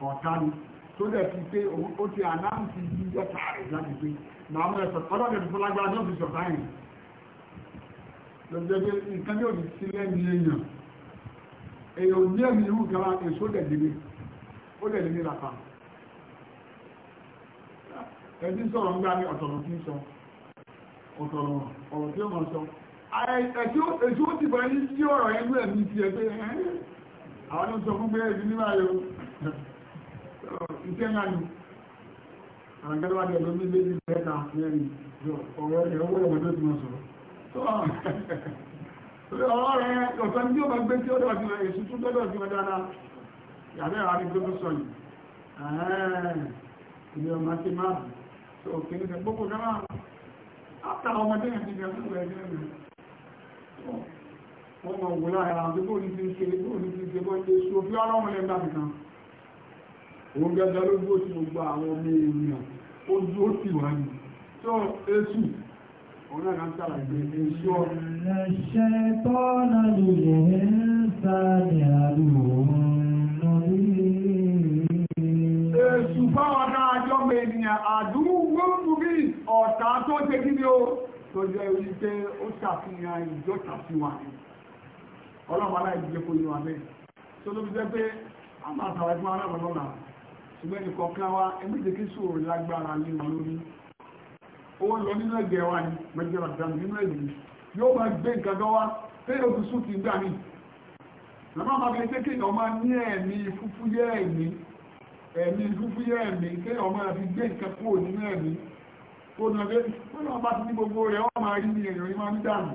ọ̀tá ni tó dẹ̀ fi pé ó ti àdáǹtì yíyọ́ta rẹ̀ láti pé màá mọ̀ ẹ̀sọ̀ ọlọ́dẹ̀ tó fọ́lágbá ọjọ́ fi sọ̀tá yìí lọ́jọ́gbé nǹkan ní òdì sí lẹ́ni èèyàn èèyàn ní ẹ̀mí irú gara èso dẹ̀dẹ̀mí ó dẹ̀dẹ̀mí làpá ẹbí sọ̀rọ̀ ń gbá ní ọ̀tọ̀rọ̀ tí ń sọ ọ̀tọ̀rọ̀ ọ̀rọ̀ tí ó máa sọ èso ó ti bẹ̀rẹ̀ ní sí ọ̀rọ̀ ẹgbẹ́ ẹ̀mí ti ẹgbẹ́ àwọn ń sọ fún pé ẹbí níwá yóò iṣẹ́ náà ni àwọn gẹ́gẹ́ bá ọ̀rọ̀ rẹ̀ tí ó bá gbé tí ó dọ̀ jùlọ èsù tún dọ́dọ̀ jùlọ dáadáa yàbẹ́ àrí gbogbo sọ yìí ilé ọmọ tí máa bù tó òkè ní ṣe gbogbo náà àtàwọn ọmọdé yẹn ti jẹ fún ẹgbẹ́ rẹ̀ wọ́n mọ̀ wò láàrín àwọn gbogbo ní ti ṣe gbogbo ní ti ṣe bọ́ ṣe ṣe òfin ọlọ́run lẹ́gbà nìkan òun gẹ́gẹ́ ló gbó ti gbogbo àwọn ọmọ èèyàn ó الشيطان للإنسان عدو Ṣùgbọ́n ọ̀nà àjọmọ̀ ènìyàn àdúgbò ń bí ọ̀tá tó jẹ́ gíní o tó jẹ́ orí pé ó ṣàfihàn ìjọta sí wa. Ọlọ́pàá láì jẹ́ kó yíwa mẹ́. Tó ló fi jẹ́ pé a máa sàwẹ́ fún arábọ̀lọ́nà ṣùgbẹ́ nìkan kan wá ẹgbẹ́ ó ń lọ nínú ẹgbẹ́ wa ni mẹjọra dànù nínú ẹgbẹ́ ni yóò máa gbé nǹkan gan wá tẹ́lẹ̀ oṣù sùn ti gbà mí màmá máa fi ṣé kéèyàn máa ní ẹ̀mí fúfúyẹ́ ẹ̀mí ẹ̀mí fúfúyẹ́ ẹ̀mí kéèyàn máa fi gbé nǹkan kúrò nínú ẹ̀mí kó nà dé ó náà bá ti ní gbogbo rẹ̀ wọ́n máa rí ní èèyàn yìí máa ń dànù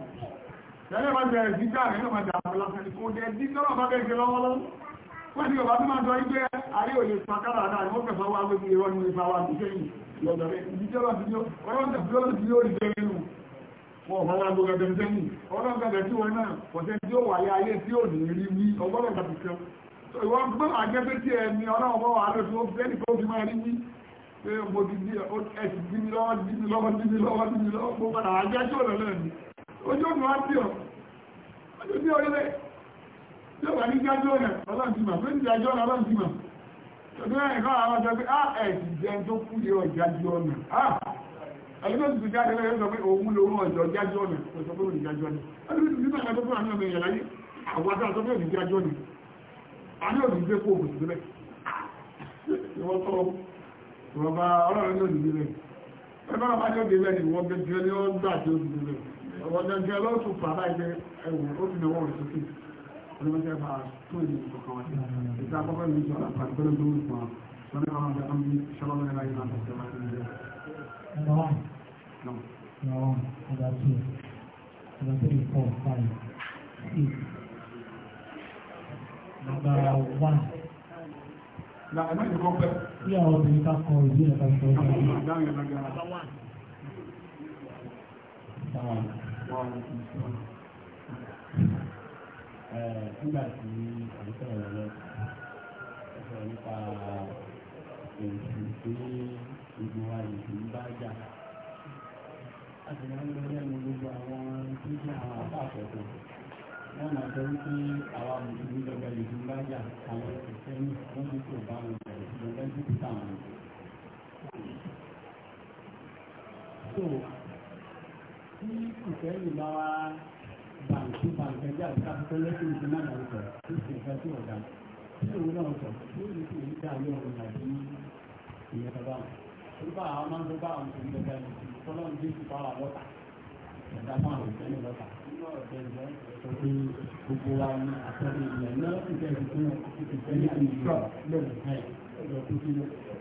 tẹ́lẹ̀ bá bẹ̀rẹ̀ sí dànù yóò máa dànù lásán kó dẹ̀ dí tọ́lọ̀ bá bẹ̀rẹ̀ Ìwọ́n gbọ́n àjẹ́bẹ́ tí ẹni ọlọ́run bọ́ wà lọ́sí ó fẹ́ nìkan fi máa rí ní pé mo ti di ẹ̀sì dí mi lọ́wọ́ dí mi lọ́wọ́ dí mi lọ́wọ́ dí mi lọ́wọ́ mo padà àjẹ́ tí ó lọ́lọ́ ni. Ojú òun wá bí ọ̀. Ojú bí orílẹ̀. Tí ó wà ní jájọ́ rẹ̀ ọlọ́run ti mà. Fẹ́ ṣùgbọ́n ẹ̀kọ́ àwọn ọjọ́ pé ah ẹ̀sì jẹ́ tó kú lé ọjà ah ẹ̀lẹ́gbẹ́ tuntun jáde lẹ́yìn sọ pé òun lòun ọjọ́ jájú ọ̀nà kò sọ pé òun a ní òun gbé kó òun síbẹ̀ ìwọ́n tọ́ ìwọ́n bá ọlọ́run ló nìyí rẹ̀ ni wọ́n gẹ́gẹ́ ni wọ́n gbà tí ó nìyí rẹ̀ ọ̀wọ́n gẹ́gẹ́ lọ́sùn fàbá ẹ̀wọ̀n ó fi náwó rẹ̀ ọlọ́mọdé bá tó ìlú kọ̀ọ̀kan wá sí ìta àkọ́kọ́ ìlú sọ̀rọ̀ àpàdé pẹ̀lú tó ń fún wa sọ́dọ̀ àwọn ọmọdé kan bí sọ́dọ̀ mẹ́rin láyé náà tẹ̀sẹ̀ wá sí ilé Bí àwọn obìnrin ká kọ ìdí ẹ̀ka ìṣòro ìgbàlódé nígbà tí àdúgbò rẹ̀ lọ sọ̀rọ̀ nípa èsì tí gbogbo wa ń bá jà. a sì máa ń lọ lẹ́nu gbogbo àwọn tí jẹ́ àwọn apá àkọ́kọ́ wọ́n máa sọ wípé àwa mùsùlùmí lọ́gbà èsì ń bá jà àwọn ìṣẹ́yìn wọ́n ti kò bá wọn bẹ̀rẹ̀ sí lọ́gbà ìdíje táwọn ọ̀dọ́. so tí kùfẹ́ yìí bá wá bàǹkì bàǹkì ẹgbẹ́ àti lẹ́sìn ìṣẹ́ náà náà tó sì fẹ́ sí ọ̀dà tí òun náà sọ tí ó sì ń dá ilé ọ̀rọ̀ ìyẹn bàbá wọn. olùkọ́ àwọn máa ń tó bá àwọn tó ń gbẹgbẹ́ ní ti fọlọ́ ní jésù bá wà ẹ̀dá fún àwọn ìfẹ́ ní lọ́tà. gbogbo wa ni àtọ́lé ìyẹn ń bẹ̀rù fún ní àyè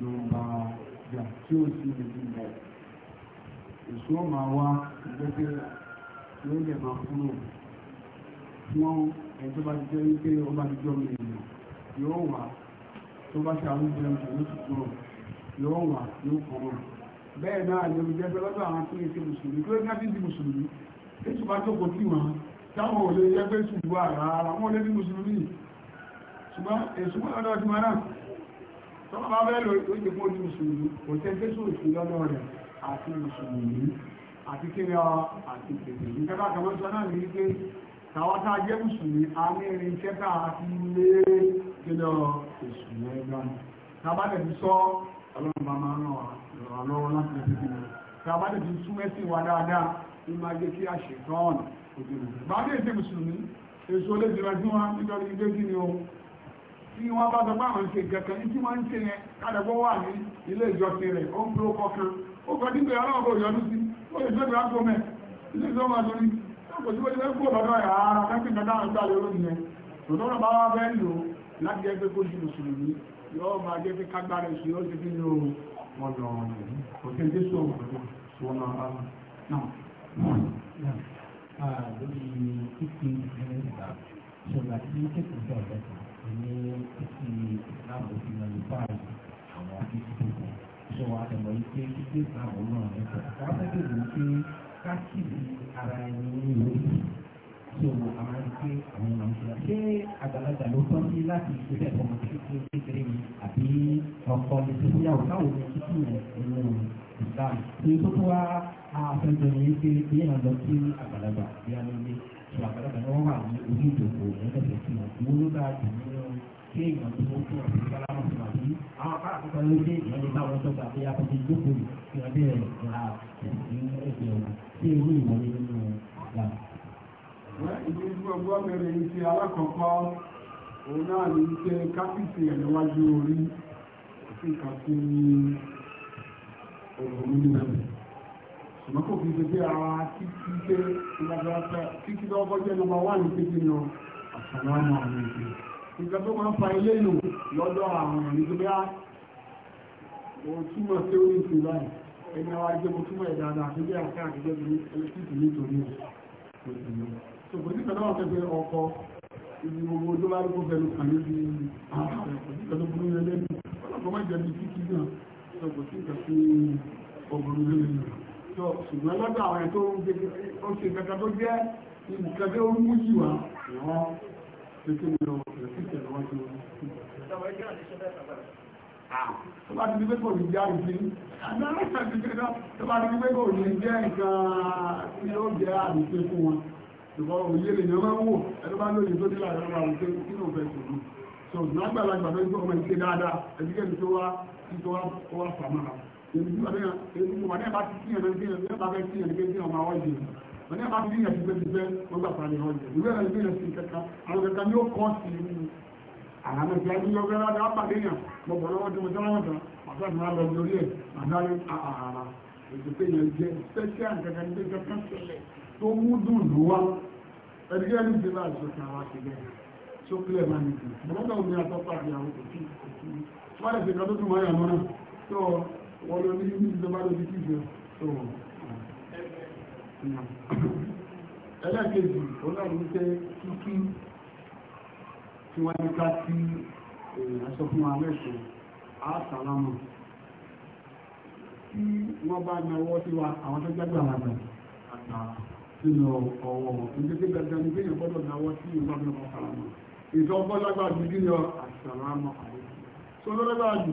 ló ń bá jà tí ó sì lè fi bọ̀. Èso máa wá ìgbẹ́sẹ̀ tí ó lè máa kúrò. Wọ́n ẹni tó bá ti jẹ́ wípé ó bá ti jọ mi èèyàn yóò wà tó bá ṣe àwùjọ ìṣòro yóò ti kúrò yóò wà yóò kúrò. Bẹ́ẹ̀ náà ni omi jẹ́ lọ́dọ̀ àwọn tó yẹ ṣe mùsùlùmí tó yẹ ká bíbí mùsùlùmí. Ètò bá jókòó tì wọ́n táwọn ò lè yẹ pé ṣùgbọ́n àrà àwọn ò bí mùsùlùmí. Ṣùgbọ́n èṣùgbọ́n lọ́dọ̀ ọdún márùn-ún tọ́lá bá bẹ́ẹ̀ lò ó jẹ́ fún mùsùlùmí kò tẹ́ tẹ́ sóò sí lọ́dọ̀ rẹ̀ àti mùsùlùmí àti kéré ọ àti tètè nígbà bá kan sọ náà ní pé tàwa tá a jẹ́ mùsùlùmí a ní irin iṣẹ́ tá a fi lé kéré ọ èsù lẹ́gbà tàbá lè sọ ọlọ́run bá máa ràn wá lọ́wọ́ láti lè fi tàbá lè súnmẹ́ sí wa dáadáa ní máa jẹ́ kí tí wọ́n bá sọ pé àwọn ṣe ìjọkan tí wọ́n ń ṣe yẹn kádàgbọ́ wà ní ilé ìjọsìn rẹ̀ ó ń pè ó kọkan ó kọ dípẹ́ ọlọ́run kò yọdún sí ó lè tóbi ápò mẹ́ ilé ìjọba tó ní kò sí wọ́n ti fẹ́ kú ọ̀dọ́ ẹ̀ ara kẹ́kẹ́ kan dáhùn gbà lérò nìyẹn tòtọ́rọ̀ bá wá fẹ́ lò láti jẹ́ pé kó di mùsùlùmí yóò máa jẹ́ pé kágbára ìṣe ó ti fi ní o wọn lọ kò sí ẹjẹ́ sọ wọn lọ bá náà. lórí kíkì ìgbà ṣọlá tí kẹ́kọ̀ọ́ ní títí ìsìláàmù ti lọ ní báyìí àwọn akíkú kan ṣé wàá tẹ̀mọ̀ yìí pé kíkí ìsìláàmù náà ń tọ̀. wọ́n fẹ́ bèèrè wípé káàkiri ara ẹni ní lórí tí o àwọn ẹni pé àwọn ọmọ ìṣẹ̀lẹ̀ ṣé àgbàlagbà ló tọ́ sí láti ṣe bẹ́ẹ̀ fọmọ títí kékeré mi àbí ọkọ mi ti fúyàwó káwọn mi títí rẹ̀ nínú ìsìláàmù. ṣé tó tó wá àfẹ́jọ́ ni wípé ìyẹn lọ sí àgbàlagbà bí a ló ní sọ àgbàlagbà náà wọ́n wà ní orí ìdòkò ẹ̀ẹ́dẹ̀gbẹ̀ sí wọn owó ló dáa jù nínú kéèyàn tó ń fún ọ̀sẹ̀ sálámù fún àbí àwọn apá àkókò ló dé ìyẹn nípa àwọn tó gbà pé a kọ́kọ́ ìdókò kí wọ́n bẹ̀rẹ̀ ṣùgbọ́n kò fi ṣe pé ara títí pé ìlàgbàtà títí lọ́wọ́ jẹ́ nọmba wà ní pé nínú àṣàlánà àwọn èdè ìgbà tó máa ń fa ilé nù lọ́dọ̀ àwọn ẹ̀rí tó bá mo túmọ̀ sí orí ìsìn báyìí ẹni àwọn ajé mo túmọ̀ ẹ̀dá àdá àti bí àṣà àtijọ́ ní ẹlẹ́tíìtì nítorí òṣèlú tó kò sí pẹ̀lú àwọn pẹ̀lú ọkọ̀ ibi tó ṣùgbọ́n lọ́dọ̀ àwọn ẹ̀tọ́ oúnjẹ kẹta tó jẹ́ ìkẹta orúmú yìí wá ìwọ́n tó kí ní ọ̀rọ̀ sí ìtẹ̀lẹ̀ wọ́n tó wọ́n. tó bá ti ní pé kò ní jẹ́ àrùsí tó bá ti ní pé kò ní jẹ́ nǹkan tí ó jẹ́ àrùsí fún wọn ṣùgbọ́n òye lè yàn wò ń gbọ́ ọmọ ìṣe dáadáa ẹ̀dígẹ́ni tó wọ́n yẹ́ bá ti yẹ̀ ti gbẹ́gbẹ́ wọ́n gbà fàánì ọjọ́ ìwé ẹ̀rọ ìgbẹ́rẹ̀ sí kẹta àwọn kẹta ní ó kọ́ sí inú àwọn ìfẹ́ ní ọgbẹ́ láti ápàdé yàn gbogbo ọlọ́wọ́ tí mo jẹ́ lọ́wọ́ tán àti àti máa lọ bí orí ẹ̀ àdáyé àhàrà ètò pé yẹn jẹ́ special kẹta ní kẹta kan ṣẹlẹ̀ tó mú dùn ló wá ẹgbẹ́ ní ti bá ìṣòkan wa ti bẹ̀ tó kílẹ̀ máa nìkan ọlọ́dọ̀ omi àtọ́pàá àti àwọn òkú wọ́n ló ní ibi ìjọba lórí kíjọ tó wọ́n. ẹlẹ́kẹ̀ẹ́jì ọlọ́run ń tẹ́ kíkí tí wọ́n ní ká sí aṣọ fún wa mẹ́sàn-án àásàlámù tí wọ́n bá náwọ́ sí wa àwọn tó jágbà àgbà àgbà sínú ọwọ́ ìgbésẹ̀ gbàgbà ní pé ìyẹ̀bọ́dọ̀ náwọ́ sí ìwọ́n bí wọ́n sàlámù ìtọ́ bọ́lágbà jù kí ni ọ àsàlámù àríkì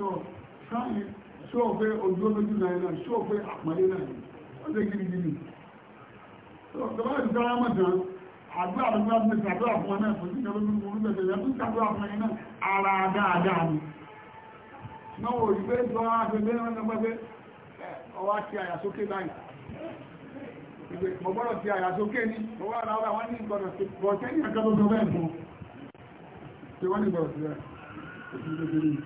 so sáyẹn ṣó pé ojú olójú náà náà ṣó pé àpọ́nlé náà ni ó lè kiri gidi so tọ́lá ti sára mọ̀ tán àdúrà tó bá ti ṣàdúrà fún ọ náà kò sí ìjọba tó burú bẹ̀rẹ̀ ìyá tó ṣàdúrà fún ẹni náà ara dáadáa ni náà wò rí pé tó wá ṣe bẹ́ẹ̀ wọn lọ́gbẹ́ pé ọwá ara ọba wọn ní ìgbọ̀dọ̀ sí bọ̀ọ̀tẹ́ ní àkàtọ̀ tó bẹ́ẹ̀ fún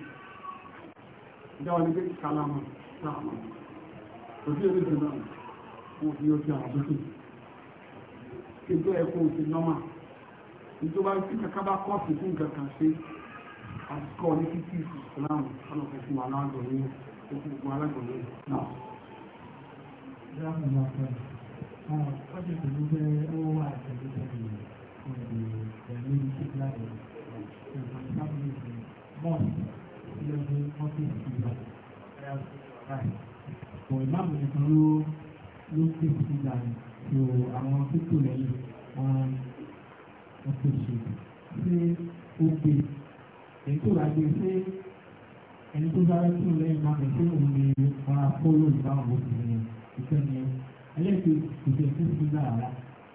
ìdáwọn ní pé kàlámà sáàmà kò sí orí ìdè náà wọ́n fi yóò fi àwọn sókè kéjọ ẹ̀kọ́ òsì nọ́mà ìjọba tí kàkà bá kọ́ọ̀sì fún kankan ṣe àsìkò ní títí ìsìláàmù ọlọ́pẹ́ fún aláàgbọ̀ ní okùn gbogbo aláàgbọ̀ ní náà. Ọjọ́ ìlú pé ó wà tẹ̀lé tẹ̀lé ìrìn ìrìn ìrìn ìrìn ìrìn ìrìn ìrìn sí ọdún ọ́fíìsì ìgbà kò ìmáàmù nìkan ló ló ti fi ìgbà tó àwọn fífò lẹ́yìn wọn ọkọ̀ ìṣèlú ṣé ó gbé èyí tó wà gbé ṣé ẹni tó sáré tó lẹ́yìn máa bẹ̀ ṣé òun ni wọn akóró ìbáwọn obìnrin ìfẹ́ ni ẹlẹ́gbẹ̀ẹ́ kò tẹ̀ fún ìgbà rárá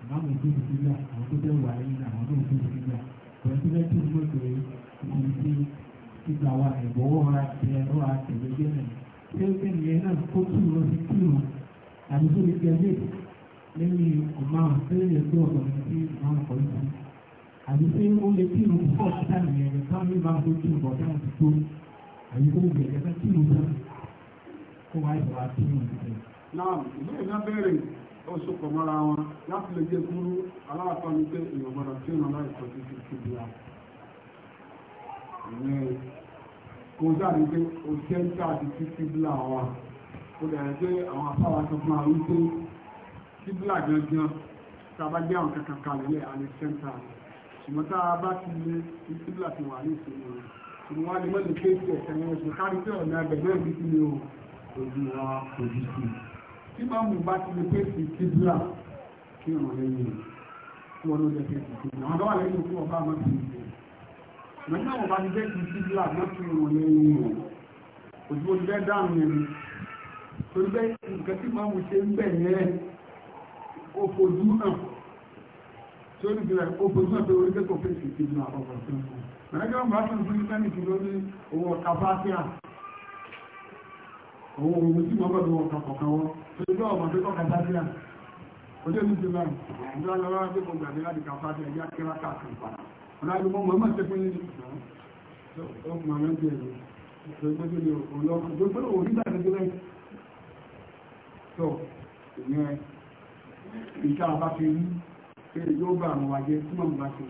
ìmáàmù tó ti fi ìgbà àwọn tó tẹ̀ wà lẹ́yìn àwọn tó ti fi ìgbà kò ẹ̀ tó tó ń gbọ́ ìgbà wa ìbọ̀wọ́ ra ẹ̀rọ àtẹ̀lẹ́gbẹ́ rẹ̀ tí ó tẹ̀lé ẹ̀ náà kó tù lọ sí tù lọ àti tó lè tẹ̀lé lẹ́yìn ọ̀ma tẹ́lẹ̀ lè tó ọ̀dọ̀ ní ti máa ń kọ́ ní ti àti pé ó lè tì lù púpọ̀ títà nìyẹn rẹ̀ káwọn yóò máa tó tù bọ̀ dáhùn ti tó àti tó lè tẹ̀lé ká tì lù sá kó wá ìbọ̀ wá tì lù nìyẹn. náà ìlú ìná bẹ̀rẹ̀ ó kó dáàbí pé o jẹ́ dáàbí sí kíbílà wa ó dàbí pé àwọn afáwa tó máa wí pé kíbílà gangan tá a bá gbé àwọn kankan kalẹ̀ àlẹ́ sẹ́ńtà ṣùgbọ́n tá a bá ti lé kíbílà ti wà ní ìṣòro rẹ̀ ṣùgbọ́n wá ní mọ́lẹ̀ kéèkì ẹ̀sẹ̀ wọn ṣe kárí pé ọ̀nà ẹgbẹ̀ náà bí kí ni o ojú wa ojú sí tí máa mú bá ti lè pèsè kíbílà kí ọ̀rọ̀ lẹ́yìn rẹ̀ kí wọ́n ló jẹ́ pèsè kíbílà àwọn tó wà lẹ́yìn fún ọba àmọ́ mẹ́ta wọn bá ti jẹ́ kí síbílà mọ́tò ìrùn lẹ́yìn wọn òjú ojú bẹ́ẹ̀ dáhùn yẹn torí bẹ́ẹ̀ nǹkan tí máa mú ṣe ń bẹ̀ yẹn ó fojú hàn tí ó nìkìlẹ̀ ó fojú hàn pé orí kẹ́kọ̀ọ́ fèsì ti nà ọ̀pọ̀ tó ń fún mẹ́ta wọn bá tún fún sẹ́ni tí ló ní owó ọ̀ka fásíà owó ohun tí wọ́n bẹ̀rẹ̀ ọ̀ka kọ̀ọ̀kan wọn torí bẹ́ẹ̀ ọ̀mọ̀ tó kọ̀ọ̀ka fásíà ojú ojú ti náà ìjọba lọ́wọ́ aláàrùmọ́ mọ́ máa tẹ́kún nínú ọmọ àwọn ẹgbẹ́ ẹ̀rọ ìgbẹ́gbẹ́ ní ọ̀pọ̀lọpọ̀ gbogbo orílẹ̀ àdẹ́gbẹ́ tó ìyẹn ìta àbá fi rí pé yóò bá àwọn wájẹ́ tí wọ́n bá fi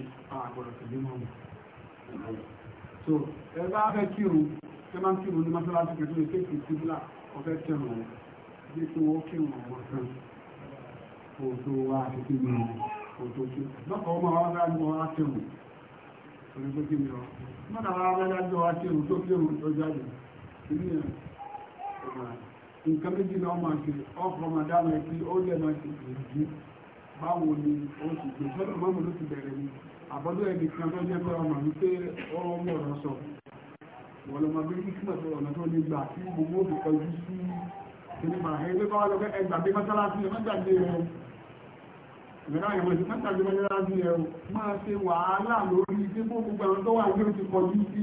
àgbọ̀rọ̀ tẹ̀lé mọ́ wọn so ẹ bá fẹ́ kírun ẹ máa ń kírun ní mọ́sálásí kẹtù lè tẹ́kì síbílà ọ̀fẹ́ tẹ̀rùn wọn bí kí wọ́n kírun àwọn kan kò tó wá àti kí ni kò tó kí lọ́kọ̀ọ́ máa wá bá ní wọn á tẹ̀rùn olùgbókí mi ọ mọ́nà wá wẹ́lájọ́ wá tí òun tó kí òun tó jáde ní nǹkan méjì náà máa ṣe ọkọ̀ máa dáná ẹ̀kí ó lè máa ṣe ìrìnjú báwo ni ó ti gbé sọ́dọ̀ mọ́mù ló ti bẹ̀rẹ̀ ni àbọ́dọ̀ ẹ̀dì kan tó jẹ́ pé ọmọ mi pé ọ̀rọ̀ mọ̀ ọ̀rọ̀ sọ wọ́n lọ máa bí kí mọ̀ ọ̀nà tó nígbà tí gbogbo òbí kan jú sí kí ni màá ẹgbẹ́ bá wà lọ́gbẹ́ ẹgbàgbé mọ́sálásí ẹgbàgbé rẹ̀ ìrìnà ìwọ̀n ti mẹ́tàlú mẹ́lẹ́lájú ẹ̀rù máa ṣe wàhálà lórí tí fún gbogbo ẹ̀rùn tó wà ní oṣù kọjú sí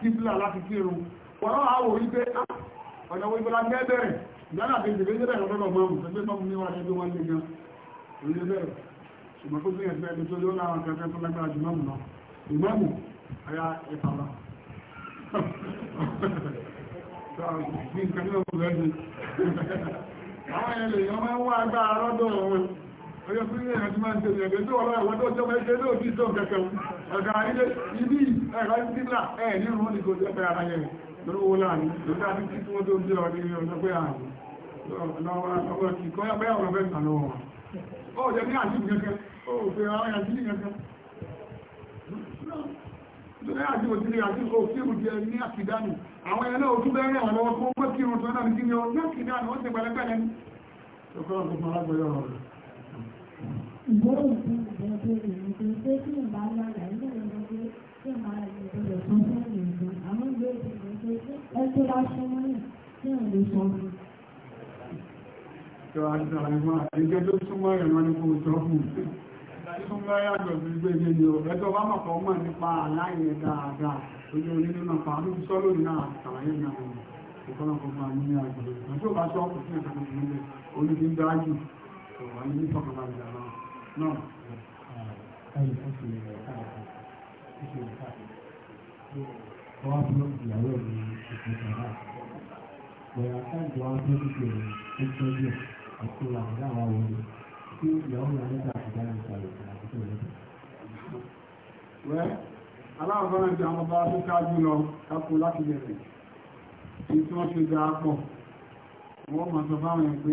kíbílà láti kírun wọ́n àwọ̀ wípé ah, ọ̀nà wo ìbọ̀lá gẹ́bẹ̀rẹ̀ yálà bí ìdìbò ìdìbò ìrọ̀lọ́dọ̀ mọ́mù tó gbé mọ́mù ní wàhálà ẹgbẹ́ wọn lè gan orí bẹ̀rẹ̀ ṣùgbọ́n tó gbé ẹ̀fẹ́ ẹni tó ló láwọn kankan tó lágbára jù mọ́mù lọ ìmọ́mù àwọn ẹ̀lẹ́yìn ọmọ ẹ̀wọ́ agbára lọ́dọ̀ wọn Ọjọ́ fún ilé ẹ̀rọ tí máa ń tẹ̀lé ẹ̀gbẹ́ tó wà láàrín wọ́n tó jọ mẹ́ ṣe lóòtí tó kẹ̀kẹ́ ọ̀gá ilé ibi ẹ̀rọ ń tíbla ẹ̀ ní ìrún ní kò jẹ́ pẹ́ ara yẹn lórí owó láàrín ló dá sí tí wọ́n tó ń jẹ́ ọdún ilé ọjọ́ pé àrùn ó jẹ́ ní àjíjì kankan ó fẹ́ ara àjíjì kankan lórí àjíjì ní àjíjì kò fí ìrùjẹ ní àkìdánù bẹ́ẹ̀rẹ̀ àwọn ọkọ̀ mọ́kí ìrùn tó náà ní kí ni ó ní ó ti pẹ̀lẹ́pẹ̀lẹ́ ní ìgbọ́rọ̀ sí ìjọba tó lè ní pé pé kí ìbá lára ilé ìjọba pé kí ìbá ara ìjọba sọ fún ìjọba àwọn ìgbé ìjọba pé ẹ tó bá súnmọ́ yìí kí ìrìn lè sọ fún. Ìjọba àti àwọn ìmọ̀ àdéjẹ́ tó súnmọ́ ìrìn wọn ni kò sọ fún. Súnmọ́ yàtọ̀ sí gbé ní ni o, ẹjọ́ bá mọ̀ kọ́ mọ̀ nípa aláìyẹ orí nínú ọ̀pá ló fi sọ́ ní àjò. ìjàmá náà ẹni tó ṣe ẹ̀rọ káàkiri tó ṣe ẹ̀rọ káàkiri ọwọ́ abúlé ìyàwó ẹ̀ ní ìpínlẹ̀ náà bẹ̀rẹ̀ àkáǹtì wa tó ti ṣe ẹ̀kọ́ díẹ̀ àti ìlànà àwọn wọlé tí ìyàwó rẹ̀ nígbà tó dára ìsàlẹ̀ àti tó lẹ́bẹ̀ẹ́. wẹ́ aláàbọ̀nà ti àwọn ọba tó kájú lọ dáa pọ̀ wọ́n mọ̀ sọ fáwọn ẹ̀ pé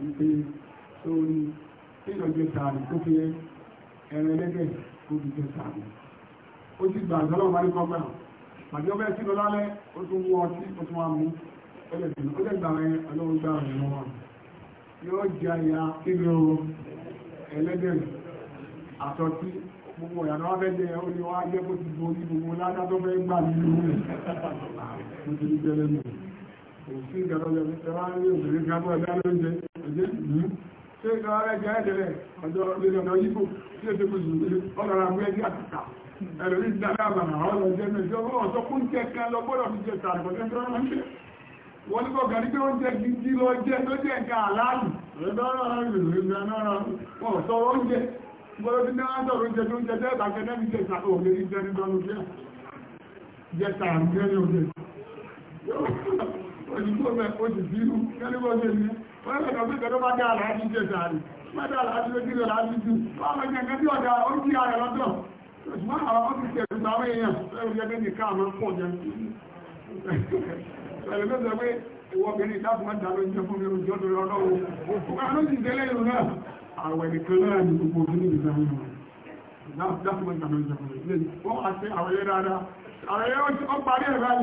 wípé sórí tíyànjẹ sàárì tó fi ẹran ẹlẹ́gẹ̀ tó fi jẹ sàárì ó sì gbà àjọ́lọ́ bá ní kọ́gbà pàdé ọbẹ̀ sí lọ lálẹ́ ó tún wọ ọtí ó tún wá mú ẹlẹ́sìn ó dẹ̀gbà rẹ ọlọ́run gbà rẹ̀ mọ́ wa yóò jẹ àyà kíni o ẹlẹ́gẹ̀ àtọ́tí gbogbo ìyànà òsì ìgbàlọ́jọ́ ní ẹwà ní òbìnrin gbàmọ́ ẹ̀dá lóúnjẹ ẹ̀jẹ́ yìí ṣé ìgbà jẹ́ ẹ̀dẹ̀rẹ̀ ọjọ́ ilé yípo tí ó ti kú sí ilé ọlọ́ra mú ẹgbẹ́ àtìkà ẹ̀rọ̀rí dáadáa kò ní tó mẹ́ oṣù sí irú kẹ́lúgbọ́ sí ní wọ́n lè lọ pípẹ́ tó bá dá aláàbí jẹ́ sàárì má dá aláàbí ló kílò láti tú wọ́n mọ̀ jẹ́ nǹkan tí ọ̀dà ó kí ara lọ́dọ̀ ṣùgbọ́n àwọn ó ti tẹ̀ gbogbo àwọn èèyàn lẹ́rù jẹ́ pé nìkan àmọ́ pọ̀ jẹ́ pẹ̀lú ló sọ pé ìwọ obìnrin ìdáàbò má dá lóúnjẹ fún mi ojú ọdún ọlọ́wọ́ òkúta ló sì tẹ́lẹ̀ yìí náà àwẹ̀ nìkan náà ní gbogbo ojú níbi náà náà dáàbò má dá lóúnjẹ fún mi wọ́n àti àwẹ̀ yẹn dáadáa àwẹ̀ yẹn ó parí ẹ̀rọ àyè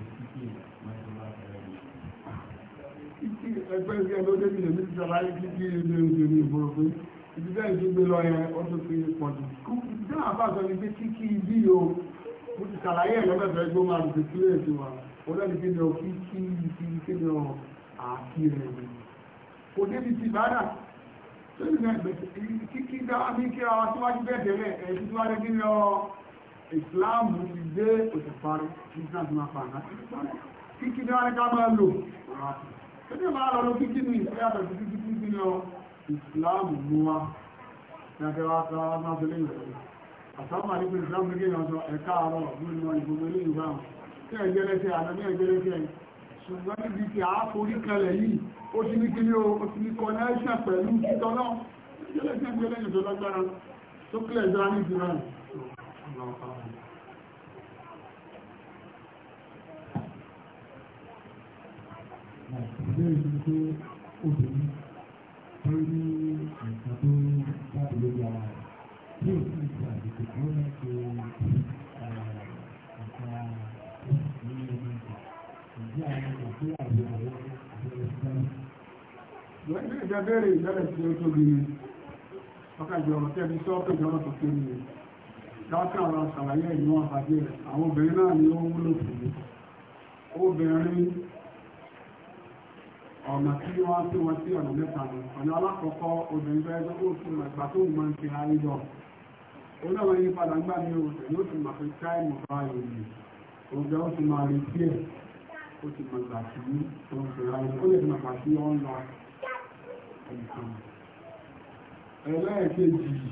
ẹgbẹ́ sí ẹ ló dé ìlú ní ìjọba ayé kí kí ilé oúnjẹ ní ìbòrò pé ibi bẹ́ẹ̀ tó gbé lọ yẹn ó tó fi pọ̀ jù kí wọ́n bá sọ ní pé kí kí ibi o mo ti ṣàlàyé ẹ̀ lọ́bẹ̀fẹ́ gbó máa dùn sí èsì wa ó lẹ́ni kí ni o kí kí kí o àti rẹ̀ ni kò débi ti bàdà tó ní kíkí dáwà ní kí ara síwájú bẹ́ẹ̀ tẹ́lẹ̀ ẹ̀ tí wá ní lọ ìsìláàmù ti dé òṣèparí ní sáàtì máa fà náà kíkí dáwà ní ká máa lò ní ìmọ̀ àrọ̀lú kíkí ní ìyàtọ̀ sí kíkí kíkí ní ìsìláàmù mú wá ní akẹwà sáàmàtìlẹ̀ ìrọ̀lú àtàmà ní pé ìsìláàmù gẹ́gẹ́ ọjọ́ ẹ̀ka àárọ̀ nínú ìgbogbo ilé ìbámu tí ẹ̀jẹ́lẹ́sẹ̀ àdàmí ẹ̀jẹ́lẹ́sẹ̀ ṣùgbọ́n níbi tí a forí kalẹ̀ yìí ó ti ní kí ní o ti ní kọ́nẹ́ṣà pẹ̀lú títọ́lọ́ ẹ̀jẹ́lẹ́sẹ̀ gbẹ́lẹ́yìn tó lágbára tó kílẹ̀ ìjọ ìbéèrè ti pé obìnrin tó ní nǹkan tó jáde lórí ara rẹ̀ tí ò sì ti àdìgbò tó ń ṣe eh, nǹkan ní ẹni ìgbà ìdí àwọn ọmọ tó wà ní ọwọ́ àbẹ̀rẹ̀ sí dáná. lẹ́yìn ìjẹ́bẹ̀rẹ̀ ìbẹ̀rẹ̀ tí ó tóbi ni ọkàjọ ọ̀rọ̀ tẹ́bi sọ́ọ́pẹ̀ jọ́rọ̀ tó kéré ni dákà ara ṣàlàyé ìlú àpàdé rẹ̀ àwọn obìnrin náà ni ó wúlò fún mi obìnrin ọ̀nà tí wọ́n tí wọ́n tí ọ̀nà mẹ́ta ni ọ̀nà alákọ̀ọ́kọ́ obìnrin fẹ́ tó kó tún ìgbà tó mọ́ ń fi ayé lọ onáwọ̀ yí padà ń gbà ní oṣù yóò tún máa fi táìmù báyìí ni oúnjẹ ó ti máa retí ẹ̀ ó ti máa gbà sí tó ń fi ayé ó lè máa gbà sí ọ́n lọ ẹ̀kan ẹlẹ́ẹ̀kejì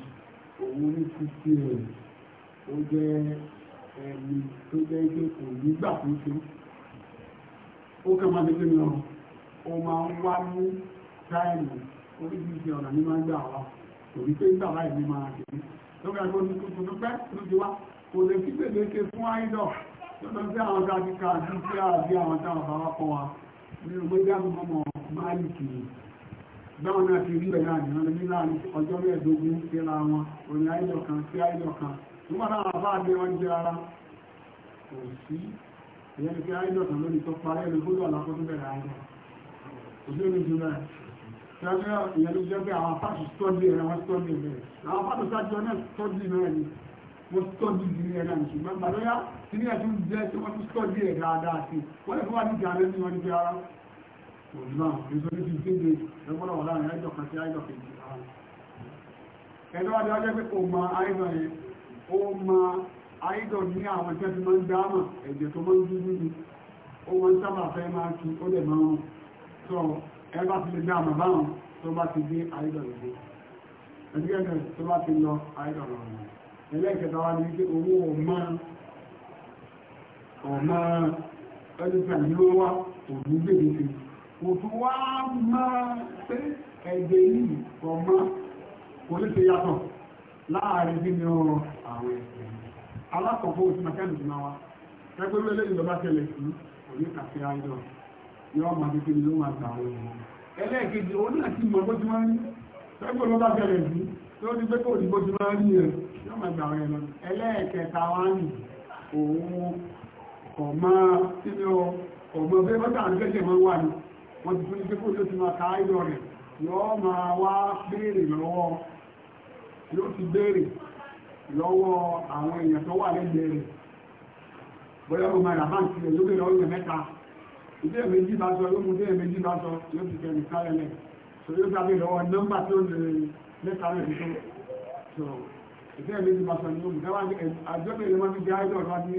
òun ní títí ẹ̀ ó jẹ́ ẹni tó jẹ́ pé nígbà tó ṣe ó kẹ́ máa dé kí ni ọ̀rọ̀ ó máa ń wá ní táìmù oríṣiríṣi ọ̀nà ní máa ń gbà wá òbí pé nígbà báyìí ní máa ṣe lókè àgbo ní tuntun tó pẹ́ ló ti wá kò lè sí gbèdéke fún áìdọ̀ lọ́dọ̀ sí àwọn tá a àti sí àbí àwọn tá bá wá wa ní ọmọ ìgbà mọ́ mọ́ máàlìkì báwọn náà ti rí ẹ̀ náà nìyẹn ní láàrin ọjọ́ mẹ́ẹ̀ẹ́dógún síra wọn òrìn áìdọ̀ kan sí áìdọ̀ kan nígbà táwọn àbá àgbẹ̀ wọn jẹ́ ara kò sí ìyẹn ni pé áìdọ̀ kan lónìí tó parí ẹ̀ lókòdò àlàkọ́ tó bẹ̀rẹ̀ áìdọ̀ òjòrò jùlọ ṣẹ́gbẹ́ ìyẹn ló jẹ́ pé àwọn apáṣù stọ́dì ẹ̀rọ wọn stọ́dì ẹ̀rọ àwọn apáṣù sájọ náà stọ́dì náà ni wọ́n stọ́dì ìdílé ẹ̀rọ ní ṣùgbọ́n gbàdọ́yà tí ní ẹ̀tún jẹ́ tí wọ́n tún stọ́dì ẹ̀rọ dáadáa sí wọ́n lè fún wa ní ìjà rẹ̀ ní wọn ní bí ara òjòrò nítorí ti dédé ẹgbọ́n wà láàrin ẹjọ́ kan sí ẹjọ́ kejì ara ẹ̀dọ́ wa ni wọ́n jẹ́ pé kò mọ àìdọ̀ yẹn ó mọ àìdọ̀ ní àwọn tẹ́tí máa ń dáàmà ẹ̀jẹ̀ tó máa ń dúdú so ẹgbà ti lè gbé àmà báwọn tó bá ti dé àìdọ̀rọ̀ dé ẹgbẹ́ tó bá ti lọ àìdọ̀rọ̀ ọ̀nà ẹlẹ́kẹta wá ní pé owó ọmọ ọmọ ẹlẹ́kẹta ìlú wa òdú gbèdéke kò tún wá máa pé ẹgbẹ́ yìí ọmọ kò ní ṣe yàtọ̀ láàrin bí ni ọ̀rọ̀ àwọn ẹ̀sẹ̀ alákọ̀ọ́kọ́ òsì màkẹ́lì ti máa wá ẹgbẹ́ mẹ́lẹ́ ìjọba tẹ̀lẹ̀ sí òní kàfẹ́ àìdọ̀rọ̀ yọ́ ma tó kéré ló máa gbà wọ́n ẹlẹ́ẹ̀kejì òun náà ti mọ̀ bójú máa ń rí pẹ́gbò ló bá bẹ̀rẹ̀ sí tó ní pé kò ní bójú máa ń rí ẹ̀ yọ́ ma gbà wọ́n ẹ̀ lọ ẹlẹ́ẹ̀kẹta wá nì òun ọ̀mọ kíni ọ ọ̀mọ bẹ́ẹ̀ bọ́tà ń gẹ́gẹ́ máa wà ní wọ́n ti fún ní pé kò ló ti máa ka ayọ̀ rẹ̀ yọ́ máa wá béèrè lọ́wọ́ yóò ti béèrè lọ́wọ́ àwọn èèyàn tó wà lẹ́gbẹ̀ẹ́ rẹ̀ bóyá ìdí èméjì bá sọ ló mú dé èméjì bá sọ yóò ti kẹ́ nìkan lẹ́lẹ̀ so yóò gbàgbé lọ́wọ́ nọ́mbà tí ó lè lẹ́ta rẹ̀ fi tó so ìdí èméjì bá sọ ní ó mú dáwà ní àjọpẹ̀ ìlú wọn ti di àìdọ̀ ọ̀dọ́ ní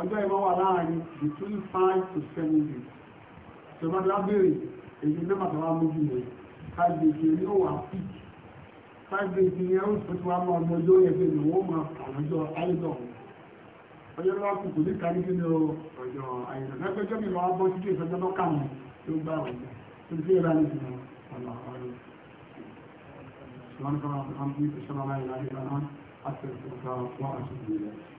ọjọ́ ìwọ́ wà láàrin between five to seven days so bá dá béèrè èyí nọ́mbà tó wá mójú rẹ̀ five days yẹn ó wà pí five days yẹn ó ti wá mọ ọmọ ọjọ́ yẹn pé ìwọ́n máa àwọn ọjọ́ àìdọ̀ ọ̀hún ọjọ́ lọ́wọ́ ní kárí kí ọjọ́ àìsàn lẹ́gbẹ́jọ́ mi máa bọ́ sí kí ìfẹ́jọ́ lọ́kà mọ̀ tó gbà wọ̀ tó fi ẹ̀rọ ní ìsinmi ọ̀nà